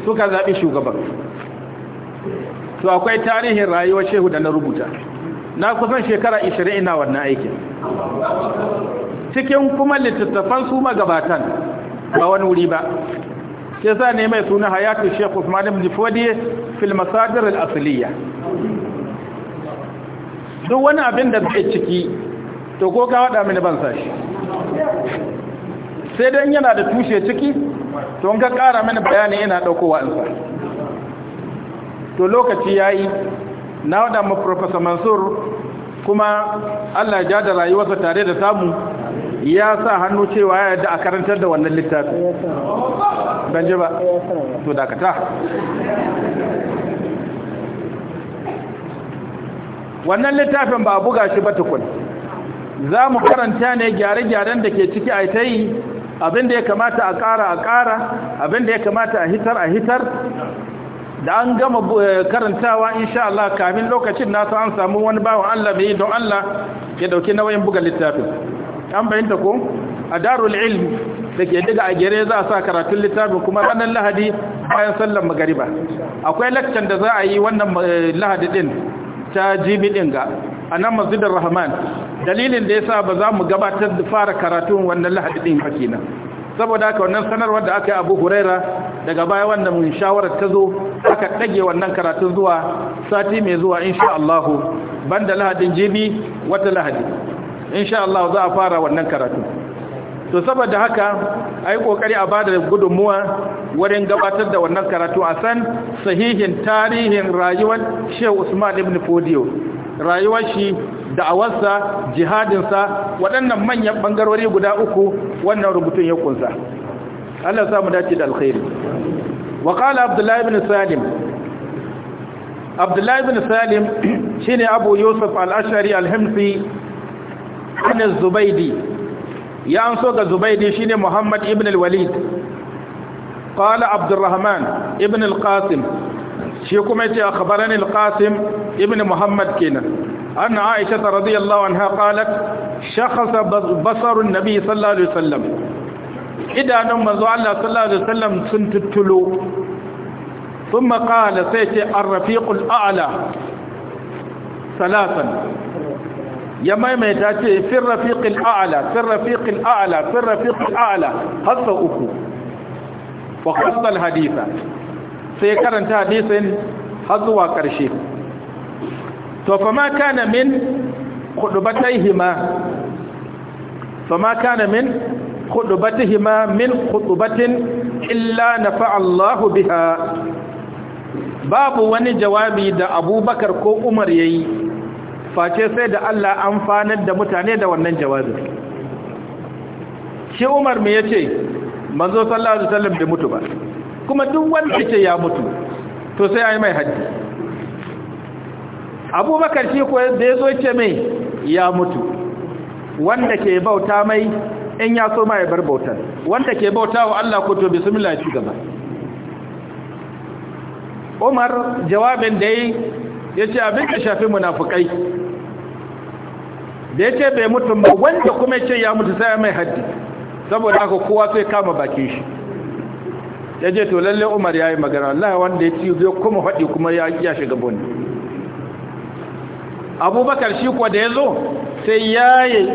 suka zaɓi shugaba to akwai tarihin rayuwar shehu da na rubuta na kusan shekara 20 ina wannan aikin cikin kuma littattafan su magabatan ba wani wuri ba sai za ne mai suna hayatu shehu usman ibn fodi fil masadir al asliya duk wani abin da zai ciki to ko ka wada mini ban sashi sai dan yana da tushe ciki to in kara mini bayani ina daukowa in to lokaci yayi na wada mu professor Mansur kuma Allah ya da rayuwarsa tare da samu ya sa hannu cewa ya yarda a karantar da wannan littafi ban ji ba to dakata wannan littafin ba a buga shi ba tukun za mu karanta ne gyare-gyaren da ke ciki a ta yi abinda ya kamata a ƙara a ƙara abinda ya kamata a hitar a hitar da an gama eh, karantawa insha Allah kamin lokacin nasu an samu wani bawan Allah mai don Allah ya dauki nauyin buga littafin an bayyanta ko a darul ilmi da ke daga a gere za a sa karatun littafin kuma ranar lahadi bayan sallar magariba akwai lakcan da za a yi wannan eh, lahadi din ta jibi din ga a nan masjidar rahman dalilin da yasa ba za mu gabatar da fara karatun wannan lahadin ba kenan saboda haka wannan sanarwar da aka yi Abu Huraira daga baya wanda mun shawarar ta zo aka ɗage wannan karatu zuwa sati mai zuwa insha Allah banda lahadin jibi wata lahadi insha Allah za a fara wannan karatu to saboda haka ai kokari a bada gudunmuwa wurin gabatar da wannan karatu a san sahihin tarihin rayuwar Sheikh Usman ibn Fodio rayuwar shi da'awarsa jihadinsa waɗannan manyan ɓangarori guda uku wannan rubutun ya kunsa Allah ya mu dace da alkhairi wa qala abdullahi ibn salim abdullahi ibn salim *clears throat* shine abu yusuf al-ashari al-himsi an zubaydi ya an ga zubaydi shine muhammad ibn al-walid قال عبد الرحمن ابن القاسم شيكم يتي al-Qasim Ibn Muhammad kenan. أن عائشة رضي الله عنها قالت شخص بصر النبي صلى الله عليه وسلم إذا نم الله صلى الله عليه وسلم سنتتلو ثم قال سيتي الرفيق الأعلى ثلاثا ya maimaita ce fin rafiƙil a'ala fin rafiƙil a'ala fin rafiƙil a'ala har uku wa kwastal hadisa sai karanta hadisin zuwa ƙarshe to fama kana min khudubataihima fa ma kana min khudbatihima min khutbatin illa nafa'a Allahu biha babu wani jawabi da Abubakar ko Umar yayi face sai da Allah amfanar da mutane da wannan jawabi shi Umar me yace manzo sallallahu alaihi wasallam bai mutu ba kuma duk wanda yake ya mutu to sai ayi mai haddi abubakar shi ko da ya zo ce mai ya mutu wanda ke bauta mai in ya so ma ya bar bautar wanda ke bauta wa Allah ko to bismillah ci gaba Umar jawabin da yi yace abin da shafi munafukai da yace bai mutu ba wanda kuma yace ya mutu sai mai haddi saboda haka kowa sai kama bakin shi yaje to lalle Umar yayi magana Allah wanda ya ci zai kuma faɗi kuma ya shiga bonne abubakar shi kuwa da ya zo sai ya yi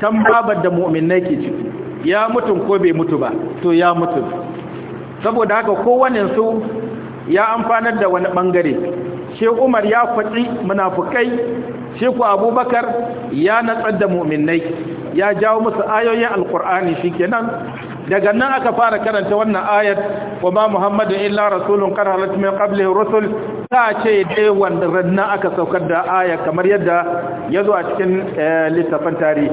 tambabar da mu'minai ke ciki ya mutum ko bai mutu ba to ya mutu saboda haka su ya amfanar da wani ɓangare, shi umar ya kwaɗi munafukai shi abubakar ya natsar da mu'minai ya jawo musu ayoyin alkur'ani shi kenan daga nan aka fara karanta wannan ayat wa ma muhammadin illa rasulun qad halat min qablihi rusul ta ce dai wanda aka saukar da aya kamar yadda yazo a cikin eh, littafin tarihi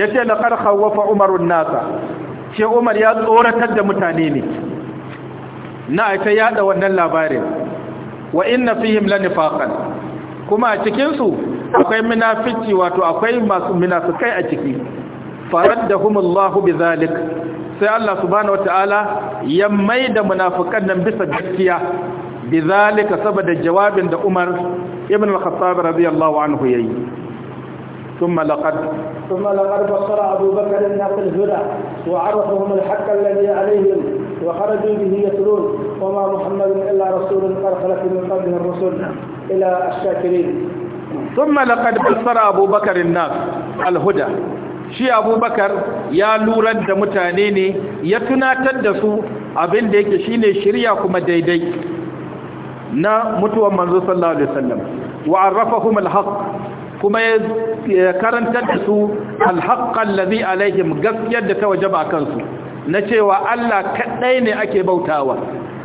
yace laqad khawwafa umarun nasa ce umar ya tsoratar da mutane ne na aita yada wannan labarin wa inna fihim lanifaqan kuma a cikin su akwai munafici wato akwai masu munafikai a ciki faraddahum Allah bizalik sai Allah subhanahu wataala ya maida munafikan nan bisa gaskiya bizalika saboda jawabin da Umar ibn al-Khattab radiyallahu anhu yayi ثم لقد ثم لقد بصر أبو بكر الناس الهدى وعرفهم الحق الذي عليهم وخرجوا به يتلون وما محمد إلا رسول قد خلت من قبله الرسل إلى الشاكرين ثم لقد بصر أبو بكر الناس الهدى shi abubakar ya lurar da mutane ne ya tunatar da su abin da yake shine shirya kuma daidai na mutuwan manzo sallallahu alaihi wasallam wa arrafahum alhaq kuma ya karantar da su alhaq allazi alaihim gaskiyar da ta wajaba kansu na cewa Allah kadai ne ake bautawa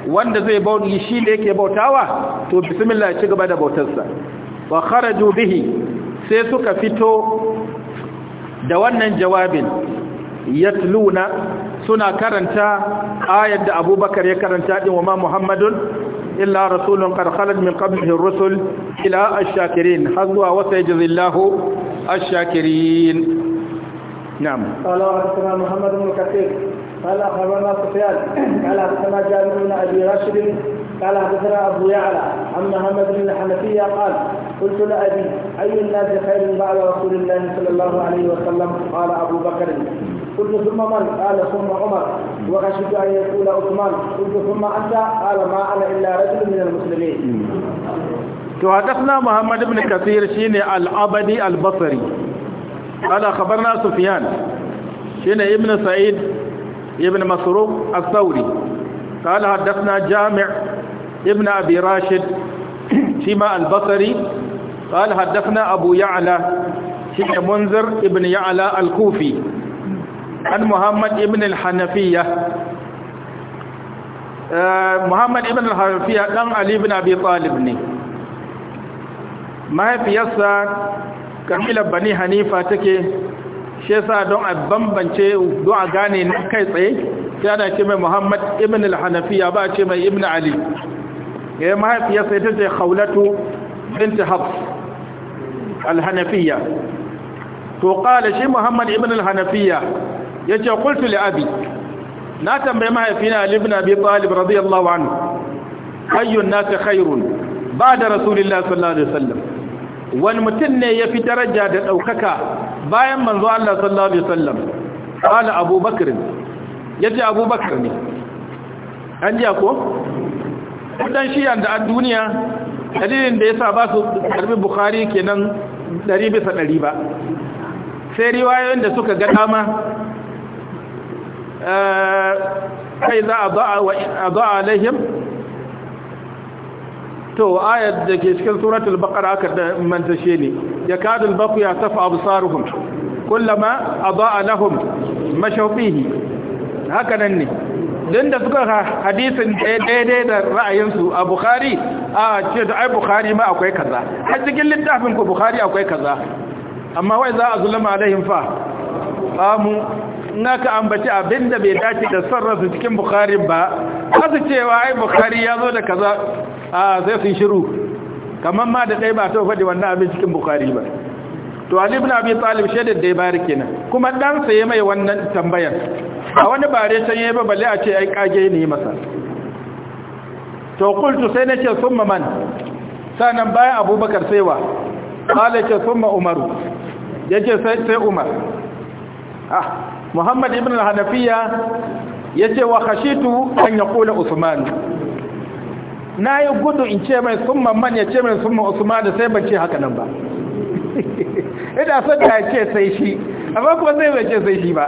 wanda zai bauti shi da yake bautawa to bismillah ya ci gaba da bautarsa wa kharaju bihi sai suka fito da wannan jawabin yatluna suna karanta ayat da abubakar ya karanta din wa ma muhammadun illa rasulun qad khalat min qablihi ar-rusul ila ash-shakirin hazwa wa sayajzillahu ash-shakirin نعم قال قال اخبرنا سفيان قال حدثنا جابر بن ابي راشد قال حدثنا أبو يعلى عن محمد بن الحنفية قال قلت لأبي أي الناس خير بعد رسول الله صلى الله عليه وسلم قال أبو بكر قلت ثم من قال ثم عمر وخشيت أن يقول عثمان قلت ثم أنت قال ما أنا إلا رجل من المسلمين وحدثنا محمد بن كثير شيني الأبدي البصري قال خبرنا سفيان شيني ابن سعيد ابن مسروق الثوري قال حدثنا جامع ابن أبي راشد شما البصري قال حدثنا أبو يعلى شما منذر ابن يعلى الكوفي عن محمد ابن الحنفية Muhammad ibn al-Harfiya dan Ali ibn Abi Talib ne mahaifiyarsa kabilar Bani Hanifa take shi yasa don a bambance don a gane kai tsaye sai ana ce mai Muhammad ibn al-Hanafiya ba ce mai ibn Ali ya mahaifiyarsa ita ce khawlatu binti hafs al-hanafiyya to qala shi muhammad ibn al-hanafiyya yace qultu li abi na tambayi mahaifina ali ibn abi talib radiyallahu Hayyun ayyun nas khairun da rasulillah sallallahu alaihi wasallam wani mutum ne ya fi daraja da ɗaukaka bayan manzo Allah sallallahu alaihi wasallam qala abubakar Ya ce abubakar ne an jiya ko kudan shi da a duniya dalilin da ya sa ba su karbi ke kenan ɗari bisa ɗari ba sai riwayoyin da suka ga dama eh, kai za a a alaihim to ayat da ke cikin suratul baqara aka da manta shi ne ya kadul baqu ya abu absaruhum kullama adaa lahum mashaw fihi haka nan ne don da suka hadisin daidai da ra'ayinsu a bukhari a ce da ai bukhari ma akwai kaza har cikin littafin ku bukhari akwai kaza amma wai za a zulama alaihim fa amu naka ambaci abin da bai dace da sarrafa cikin bukhari ba su cewa ai bukhari ya zo da kaza a zai sun shiru kamar ma da ɗai ba ta faɗi wannan abin cikin bukhari ba to ali ibn abi talib shedar dai ya bayar kenan kuma dan sa yayi mai wannan tambayar a wani bare can yayi ba balle a ce ai kage ne masa to qultu sai nace summa man sanan bayan abubakar sai wa qala ce summa umar yace sai sai umar ah muhammad ibn al-hanafiya yace wa khashitu an yaqula usman nayi gudu in ce mai summa man yace mai summa usman sai ban ce haka nan ba *laughs* ina son da ce sai shi amma kuma sai bai ce sai shi ba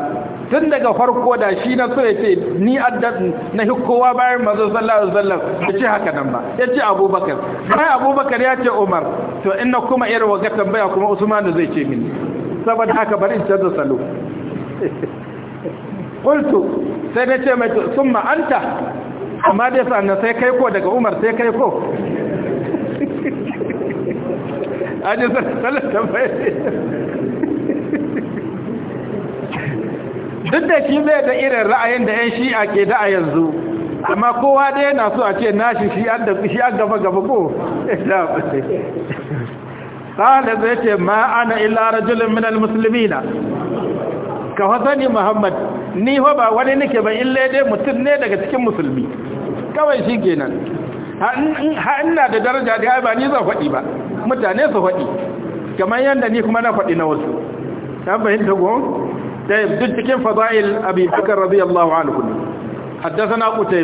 tun daga farko da shi na so yace ni addan na hikowa bayan manzo sallallahu alaihi wasallam yace haka nan ba ya ce abubakar Sai abubakar ya ce umar to in na kuma irin waga tambaya kuma Usman zai ce mini saboda haka bari in canza salo *laughs* qultu sai na ce mai summa anta amma dai sannan sai kai ko daga umar sai kai ko ajin sallar bai duk da shi bai da irin ra'ayin da 'yan shi'a ke da a yanzu amma kowa da yana so a ce nashi shi an gaba gaba ko ƙala da ce ma ana illa rajulun minal na. ka hasani muhammad ni ho ba wani nake ba illa dai mutum ne daga cikin musulmi kawai shi kenan ha ina da daraja da ba ni zan faɗi ba mutane su faɗi kamar yadda ni kuma na faɗi na wasu ta fahimta ko ta yi duk cikin fasa'il abu bakar rabi allahu wa alukuli haddasa na kuta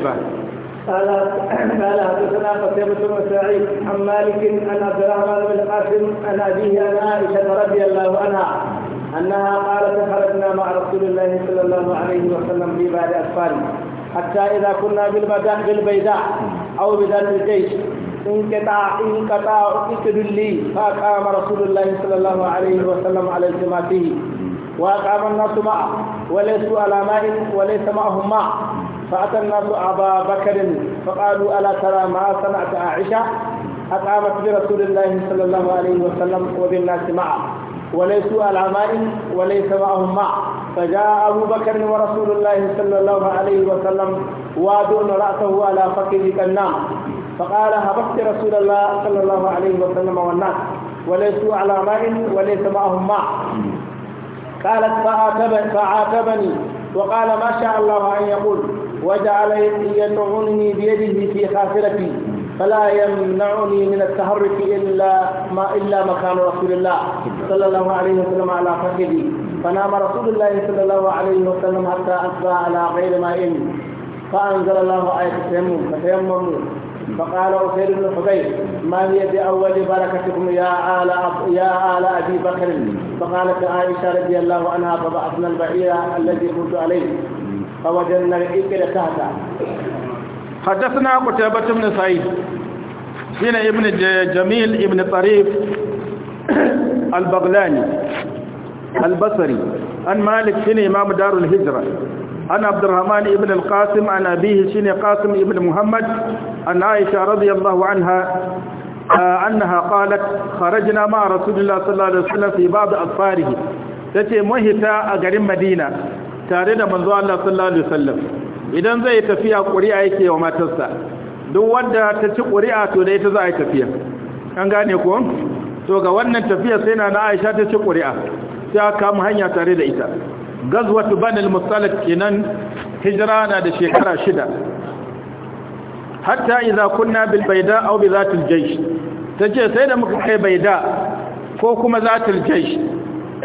ba أنها قالت خرجنا مع رسول الله صلى الله عليه وسلم في بعد أسفاله حتى إذا كنا بالبيداء أو بذات الجيش انقطع انقطع فكر لي فأقام رسول الله صلى الله عليه وسلم على التماسه وأقام الناس معه وليسوا على ماء وليس معهم ماء فأتى الناس أبا بكر فقالوا ألا ترى ما صنعت عائشة أقامت برسول الله صلى الله عليه وسلم وبالناس معه وليسوا على ماء وليس معهم ماء فجاء أبو بكر ورسول الله صلى الله عليه وسلم وادون رأسه على فقه كالنام فقال هبطت رسول الله صلى الله عليه وسلم والناس وليسوا على ماء وليس معهم ماء قالت فعاتبني وقال ما شاء الله أن يقول وجعل ينعني بيده في خاصرتي فلا يمنعني من التحرك إلا ما إلا مكان رسول الله صلى الله عليه وسلم على فخذي فنام رسول الله صلى الله عليه وسلم حتى أصبح على غير ماء فأنزل الله آية التيمم فتيمم فقال أسير بن حبيب ما هي بأول بركتكم يا آل يا آل أبي بكر فقالت عائشة رضي الله عنها فبعثنا البعير الذي كنت عليه فوجدنا الإبل تحته حدثنا قتيبة بن سعيد حين ابن جميل ابن طريف *coughs* البغلاني البصري عن مالك شنو إمام دار الهجرة عن عبد الرحمن بن القاسم عن أبيه شنو قاسم بن محمد عن عائشة رضي الله عنها أنها قالت خرجنا مع رسول الله صلى الله عليه وسلم في بعض أطفاره تتي مهتا أقرم مدينة تارد منذ الله صلى الله عليه وسلم idan zai tafiya ƙuri'a yake wa matarsa duk wanda ta ci ƙuri'a to da ita za a yi tafiya an gane ko to ga wannan tafiya sai na Aisha ta ci ƙuri'a ta kama hanya tare da ita gazwatu banil musallak kenan hijira na da shekara shida hatta idza kunna bil bayda aw bi zatil jaysh tace sai da muka kai bayda ko kuma zatil jaysh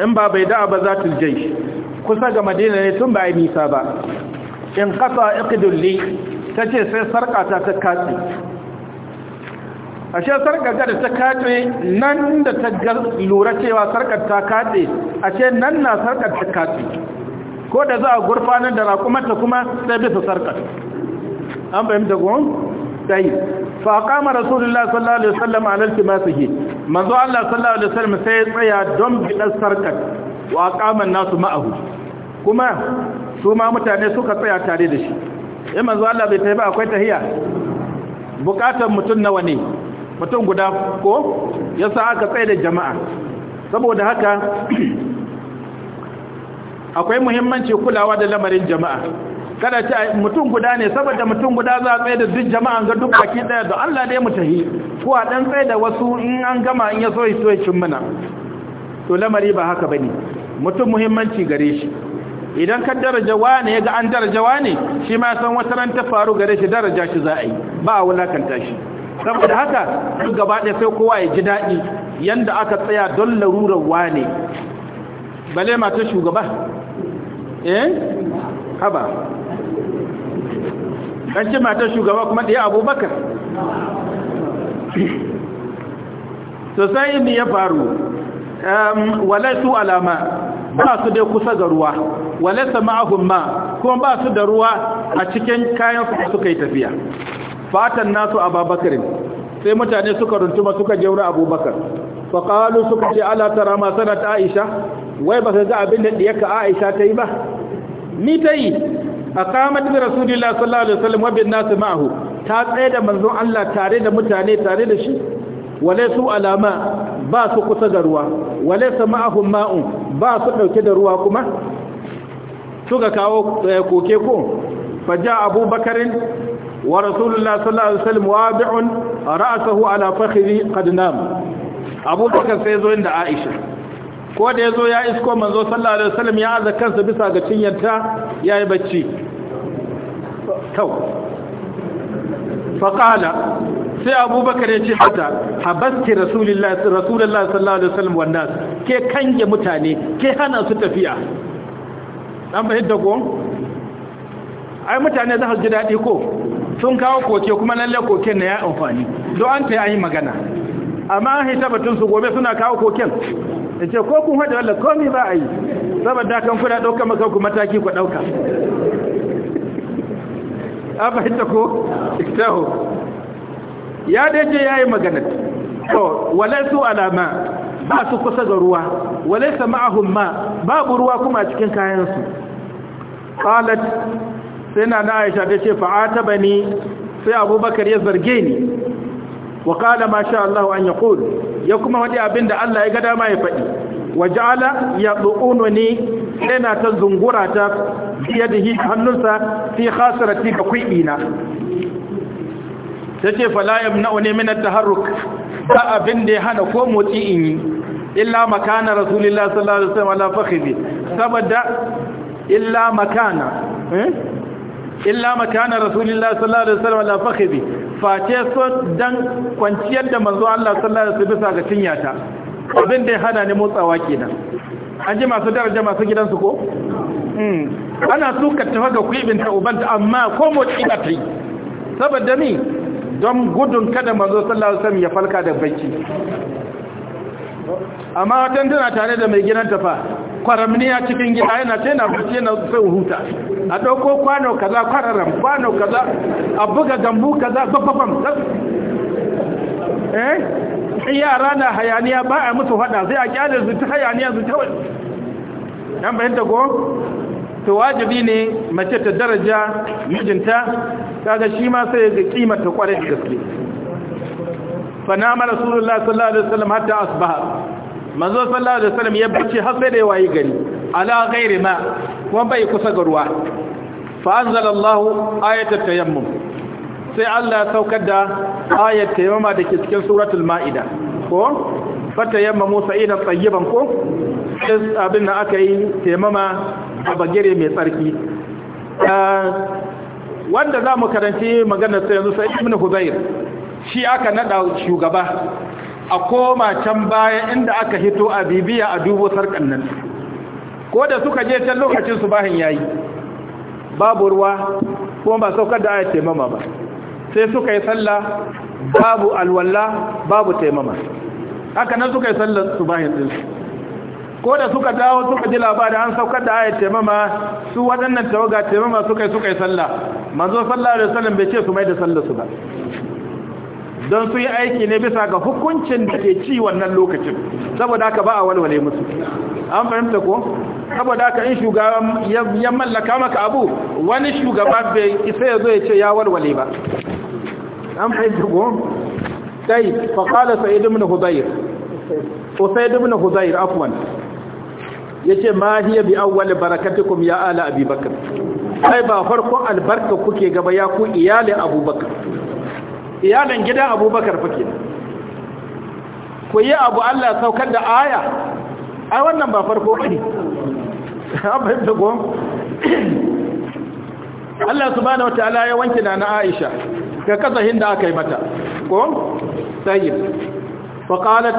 in ba bayda ba zatil jaysh kusa ga madina ne tun ba ai nisa ba in qata iqdul li tace sai sarka ta ta katsi ashe sarka ga da ta katse nan da ta lura cewa sarkar ta katse A ce nan na sarkar ta kafi ko da za a gurfanar da raƙumarta kuma sai bisa sarkar an fahimta gwan dai fa kama rasulullah sallallahu alaihi wasallam alal timasihi manzo Allah sallallahu alaihi wasallam sai tsaya don bidan sarkar wa kama nasu ma'ahu kuma su ma mutane suka tsaya tare da shi eh manzo Allah bai tafi akwai tahiya bukatar mutum nawa ne mutum guda ko yasa aka tsaya da jama'a saboda haka akwai muhimmanci kulawa da lamarin jama'a kada ta mutum guda ne saboda mutum guda za a tsaye da duk jama'an ga duk baki daya da Allah dai mu tahi ko a dan tsaye da wasu in an gama in ya so ya so ya cin mana to lamari ba haka bane mutum muhimmanci gare shi idan ka daraja wane ga an daraja wane shi ma san wata ran ta faru gare shi daraja shi za a yi ba a wulakanta shi saboda haka duk gaba ɗaya sai kowa ya ji daɗi yanda aka tsaya don larurar wane bale mata shugaba eh haba ce matar shugaba kuma ɗaya abubakar sosai ya faru wale su alama ba su dai kusa ga ruwa wale sama'ahun ma kuma ba su da ruwa a cikin kayan su suka tafiya fatan nasu ababakarin sai mutane suka runtuma suka jaura abubakar faƙalu suka ce ala tara ta aisha wai ba ka ga abin da ɗiyaka aisha ta yi ba ni ta yi a kamar da rasulullah sallallahu alaihi wasallam wa bin nasu ma'ahu ta tsaye da manzon Allah tare da mutane tare da shi wale su alama ba su kusa da ruwa wale su ma'ahun ma'un ba su ɗauke da ruwa kuma su ga kawo eh, koke ko faja abubakarin wa rasulullah sallallahu alaihi wasallam wabi'un ra'sahu ala fakhri qad nam abubakar sai zo inda aisha ko da yazo ya isko manzo sallallahu alaihi wasallam ya aza kansa bisa ga cinyarta yayi bacci to faqala sai abubakar ya ce hatta habasti rasulullahi sallallahu alaihi wasallam wannan ke kange mutane ke hana su tafiya ba yadda ko ai mutane za su ji daɗi ko sun kawo koke kuma lalle koken na ya amfani don an ta yi magana amma an batun su gobe suna kawo koken In ce ko kun haɗe wala komi za a yi saboda kan kuna ɗauka ku mataki ku ɗauka a fahimta ko iktaho ya dai je ya yi magana. to wale su alama ba su kusa ga ruwa wale sama ahun ma babu ruwa kuma cikin kayansu ƙalat sai na aisha ta ce fa'ata bani ne sai abubakar ya zarge ni wa qala ma sha Allah an yaqul ya kuma wadi abinda Allah ya ga dama ya faɗi wa ja'ala yad'ununi yana ta zungura ta biyadihi hannunsa fi khasirati da kuibina tace fala yamna'uni min at-taharruk ba abinda ya hana ko motsi in yi illa makana rasulullahi sallallahu alaihi wasallam la fakhibi saboda illa makana eh? illa makana rasulullahi sallallahu alaihi wasallam la fakhibi face so dan kwanciyar da manzo Allah sallallahu alaihi bisa ga cinyata abin da ya hana ni motsawa kenan an ji masu daraja masu gidansu ko mm ana so ka tafi ga kuibin ta uban amma ko motsi ka tai saboda ni don gudun kada manzo sallallahu alaihi wasallam ya falka da bacci amma watan tana tare da mai gidan ta fa kwaramniya cikin gida yana ce na bacci yana sai huta a ɗauko kwano kaza kwararan kwano kaza a buga gambu kaza babbabam eh yara na hayaniya ba a musu hada sai a kyanar su hayaniya zuta ta wani yan bayan ko to wajibi ne mace ta daraja mijinta kaga shi ma sai ga kimata ta kwarai da gaske fa na ma rasulullahi sallallahu alaihi wasallam hatta asbaha manzo sallallahu alaihi wasallam ya bace har sai da yayi gari ala ghairi ma kuma bai kusa ga ruwa fa anzalallahu ayatat tayammum sai Allah ya saukar da ayat tayammuma da ke cikin suratul maida ko tayammamu sa'idan tayyiban ko abin da aka yi tayammuma a bagire mai tsarki ah, wanda za mu karanci maganar sai yanzu sai ibn huzair shi aka nada shugaba a koma can baya inda aka hito a bibiya a dubo sarkan nan ko da suka je can lokacin su bahin yayi babu ruwa ko ba saukar da ayat taimama ba sai suka yi sallah babu alwalla babu taimama haka nan suka yi sallah su bahin din ko da suka dawo suka ji labarin an saukar da ayat taimama su waɗannan tawaga taimama suka yi suka yi sallah manzo sallallahu alaihi wasallam bai ce su mai da sallah su ba don su yi aiki ne bisa ga hukuncin da ke ci wannan lokacin saboda haka ba a walwale musu an fahimta ko saboda haka in shugaban ya mallaka maka abu wani shugaba bai isa ya zo ya ce ya walwale ba an fahimta ko kai fa qala sa'id ibn hudayr usayd ibn hudayr afwan yace ma hiya bi awwal barakatukum ya ala abubakar ai ba farkon albarka kuke gaba ya ku iyali abubakar iyalan gidan abubakar fa kenan ku yi abu Allah saukar da aya ai wannan ba farko bane abin da gom Allah su subhanahu wataala ya wanki na na Aisha ga kasahin da aka yi mata ko tayyib fa qalat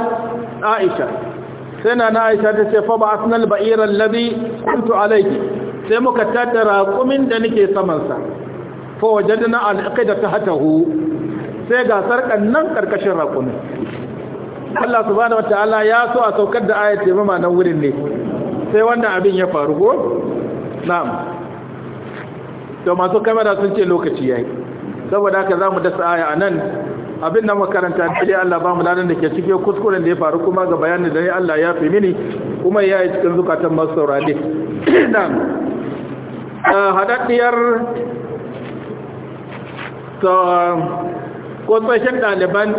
Aisha sai na Aisha ta ce fa ba'athnal ba'ira alladhi kuntu alayki sai muka tattara kumin da nake saman sa fa wajadna al-aqida tahtahu sai ga sarkan nan karkashin raƙumi Allah subhanahu wataala ya so a saukar da ayat taimama nan wurin ne sai wannan abin ya faru go na'am to masu kamera sun ce lokaci yayi saboda haka zamu dasa aya anan abin nan makaranta dai Allah ba mu nan da ke cike kuskuren da ya faru kuma ga bayanin da Allah ya fi mini kuma ya yi cikin zukatan masu saurare *clears throat* na'am ah, hadaddiyar ta ko tsohon ɗaliban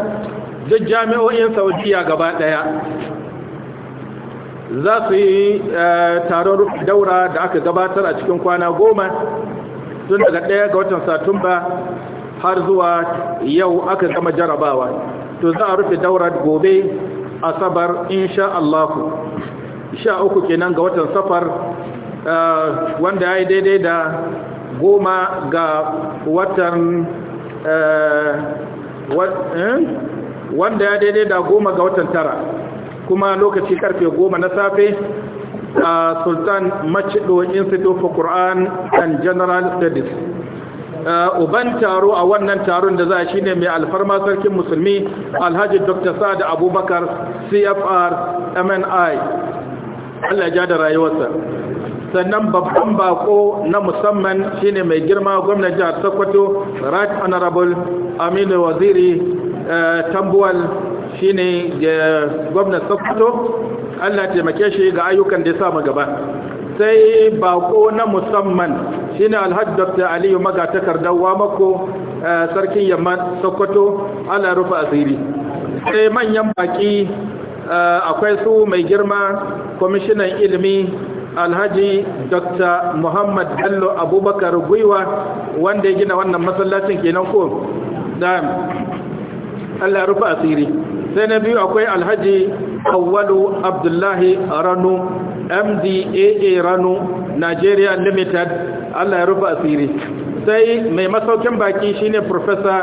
duk jami'o'in saudiya gaba ɗaya za su yi eh, taron daura da aka gabatar a cikin kwana goma tun daga ɗaya ga watan satumba har zuwa yau aka gama jarabawa to za a rufe daura gobe asabar insha Allah sha uku kenan ga watan safar eh, wanda ya yi daidai da goma ga watan eh, Eh? wanda ya daidai da goma ga watan tara kuma lokaci karfe goma na safe a sultan macido institute for quran and general studies uban taro a wannan taron da za a shine mai alfarma sarkin musulmi alhaji dr sa'ad abubakar cfr mni allah ya ja da rayuwarsa sannan babban bako na musamman shine mai girma gwamnan jihar sokoto right honorable aminu waziri eh, tambuwal shine eh, gwamnan sokoto allah taimake shi ga ayyukan da ya samu gaba sai bako na musamman shine alhaji dr aliyu magatakardar mako eh, sarkin Yamma sokoto allah rufe asiri sai manyan baki akwai su mai girma kwamishinan ilimi alhaji dr muhammad bello abubakar gwiwa wanda ya gina wannan masallacin kenan ko da allah rufe asiri sai na biyu akwai alhaji awwalu abdullahi rano mdaa rano nigeria limited allah ya rufe asiri sai mai masaukin baki shine professor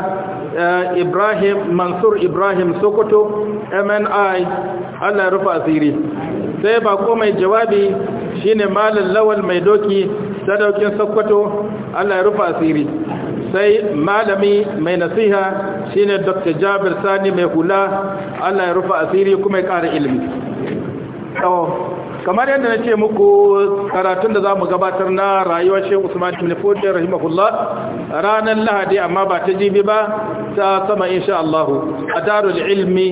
eh, ibrahim mansur ibrahim sokoto mni allah ya rufe asiri sai ko mai jawabi shine malam lawal mai doki daukin sokoto Allah ya rufa asiri sai malami mai nasiha shine Dr. Jabir Sani mai hula Allah ya rufa asiri kuma ya ƙara ilimi. kamar yadda na ce muku karatun da za mu gabatar na rayuwar shi usman ibn fudin rahimahullah ranar lahadi amma ba ta jibi ba ta sama insha Allah a darul ilmi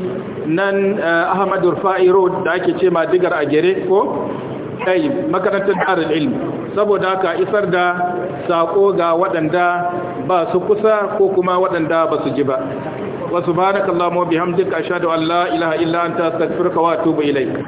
nan eh, ahmad rufai road da ake ce ma digar a gere ko kai makarantar darul ilmi saboda aka isar da sako ga waɗanda ba su kusa ko kuma waɗanda ba su ji ba na subhanakallahumma wa bihamdika ashhadu da allah ilaha illa anta astaghfiruka wa